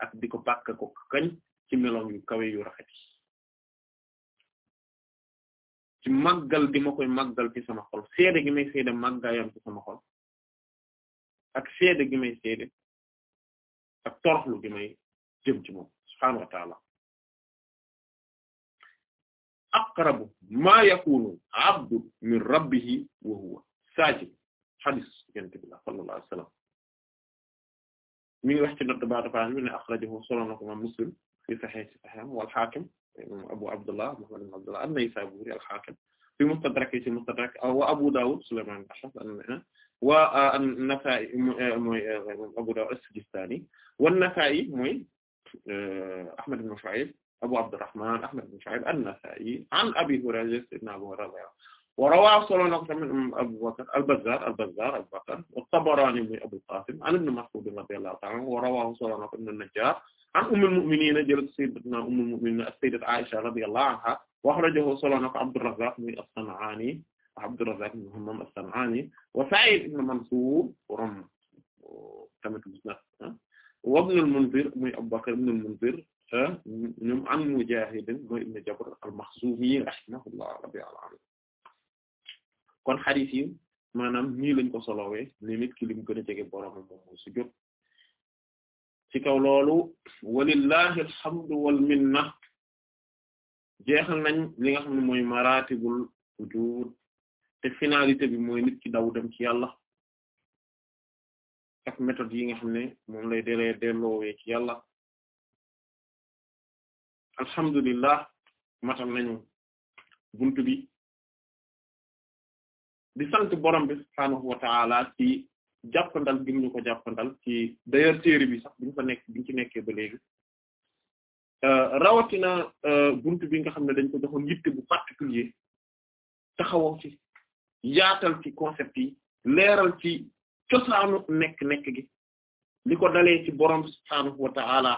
ak di ko bàkk ko kañ ci meloom yu kawe yu rafet yi màggal di ma koy màggal ci sama xol seede gi may seede màggaayam ci sama xol ak seede gi may seede ak toroxlu gi may jëm ci moom subhaanahu wa ta'ala aqrabu ma yakunu abdu min rabbihi wa huwa saajid hadis yonent bi sallallahu wa sallam mi ngi wax ci note baatu page bi ne axrajahu solo na ko moom Muslim fi Sahih ci Sahiham wal Hakim Abu Abdullah Muhammad ibn Abdullah an-Naysaburi al Hakim fi Mustadrak ci Mustadrak wa Abu Dawud Sulayman al-Ashaf wa uh, an-Nasa'i uh, mooy uh, Abu Dawud as-Sijistani wa an-Nasa'i mooy Ahmad ibn Shu'ayb Abu Abdurrahman Ahmad ibn Shu'ayb an-Nasa'i an Abi Hurayra ibn Abu Hurayra wa rawaahu solo na ko tamit Abu Bakr al-Bazzar al-Bazzar Abu Bakr at-Tabarani muy Abul Qasim an Ibn Mas'ud radiyallahu ta'ala anhu wa rawaahu solo na ko Ibn an-Najjar an Ummul Mu'minin jël sayyidatuna Ummul Mu'minin as-Sayyidatu Aisha radiyallahu anha wa akhrajahu solo na ko Abdurrazzaq muy as-San'ani Abdurrazzaq ibn Hammam as-San'ani wa Sa'id ibn Mansur waram tamit gis na wa Ibn al-Munzir muy Abu Bakr ibn al-Munzir ñoom an Mujahid mooy Ibn Jabr al-Makhzumi rahimahullah radiyallahu anhu kon xadis yi maanaam nii lañ ko solowee ne nit ki lim gën a jege boroomam moom mooy sujjóot ci kaw loolu walillahi alhamdu wal minna jeexal nañ li nga xam ne mooy maratibul wujud te finalité bi mooy nit ki daw dem ci yàlla ak yi nga xam ne moom lay delee delloowee ci yàlla alhamdulillah matal nañu buntu di sant borom bi subhaanahu wa ta'ala ci jàppandal gi ñu ko jàppandal ci d'ailleurs téere bi sax biñ fa nekk biñ ci nekkee ba léegi euh, rawatina euh, buntu bi nga xam ne dañ ko joxoon yitte bu particulier taxawoo ci ci concept yi leeral ci cosaanu nekk-nekk gi li ko dalee ci borom bi subhaanahu wa ta'ala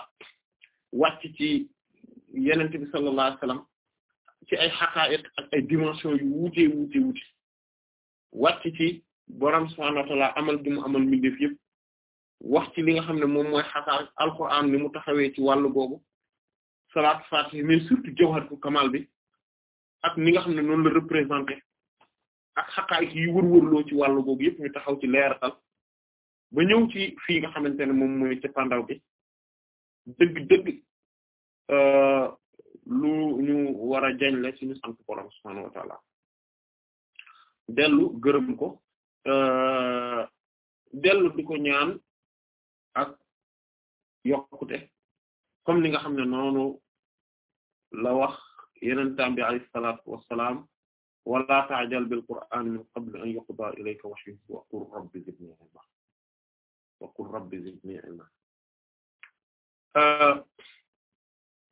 wàcc ci yenente bi sallallahu alayhi ci ay xaqaa'iq ay dimension yu wuute wuute wuute wàcc ci borom subhaanahu amal bi mu amal mbindeef yëpp wax ci li nga xam ne moom mooy xasaar alquran ni mu taxawee ci wàllu boobu salaatu faatihi mais surtout jawharatul kamal bi ak ni nga xam ne noonu représenté ak xaqaayik yi wër-wërloo ci wàllu boobu yëpp ñu taxaw ci leeratal ba ñëw ci fii nga xamante ne moom mooy cappaandaw bi dëgg-dëgg euh, lu ñu war a jañ la ci ñu sant borom subhaanahu wa dellu gërëm ko euh, dellu di ñaan ak yokkute comme ni nga xam ne noonu la wax yeneen taam bi alayhi salaatu wassalaam wala ta'jal bil qur'an min qabl an yuqda ilayka wahyuhu wa qul wa qul rabbi zidni ilma euh,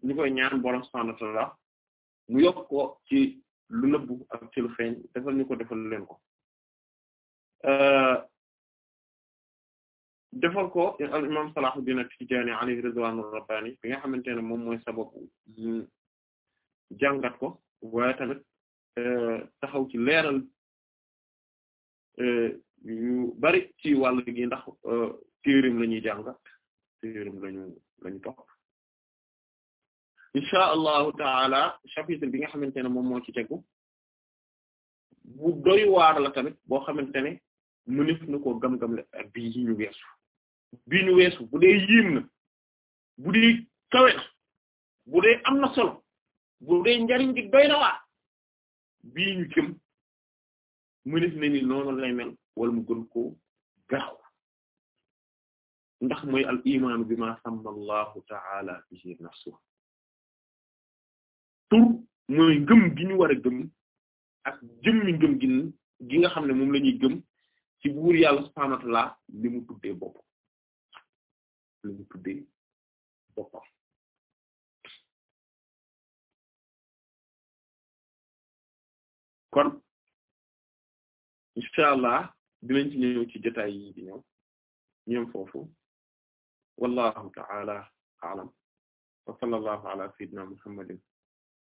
ñu koy ñaan borom subhaanahu wa ta'aala mu yokk ci lu nëbbu a ci lu feeñ defal ñu ko defal leen ko euh, defal ko al imam Salahuddin At-Tidjânî alayhi ridwanur rabbani bi nga xamante ne moom mooy sabab ko waaye tamit euh, taxaw ci leeral euh, yu bari ci wàll gi ndax téerim la ñuy jàngat téerim lañu lañu topp incha allahu taala chapitre bi nga xamante ne moom moo ci tegu bu doy waar tamit boo xamante ne mëneef na koo gam-gamle ak bii yi ñu weesu bii ñu weesu bu dee yiim na bu dee kawe bu dee am na solo bu dee njariñ gi doy na waa bii ñu jëm na ni noonu lay mel wala mu gën koo gaaw ndax mooy al imaanu bi ma sàmmallahu taala bihi nafsuhu tur mooy gëm gi ñu war gëm ak jëmmi gëm gi gi nga xam ne moom la ñuy gëm ci buur yàlla subhaanahu wa tuddee bopp li tuddee boppam kon incha allah dinañ ci jotaay yi di ñëw ñoom foofu wallahu ta'ala a'lam wa sallallahu ala sayyidina muhammadin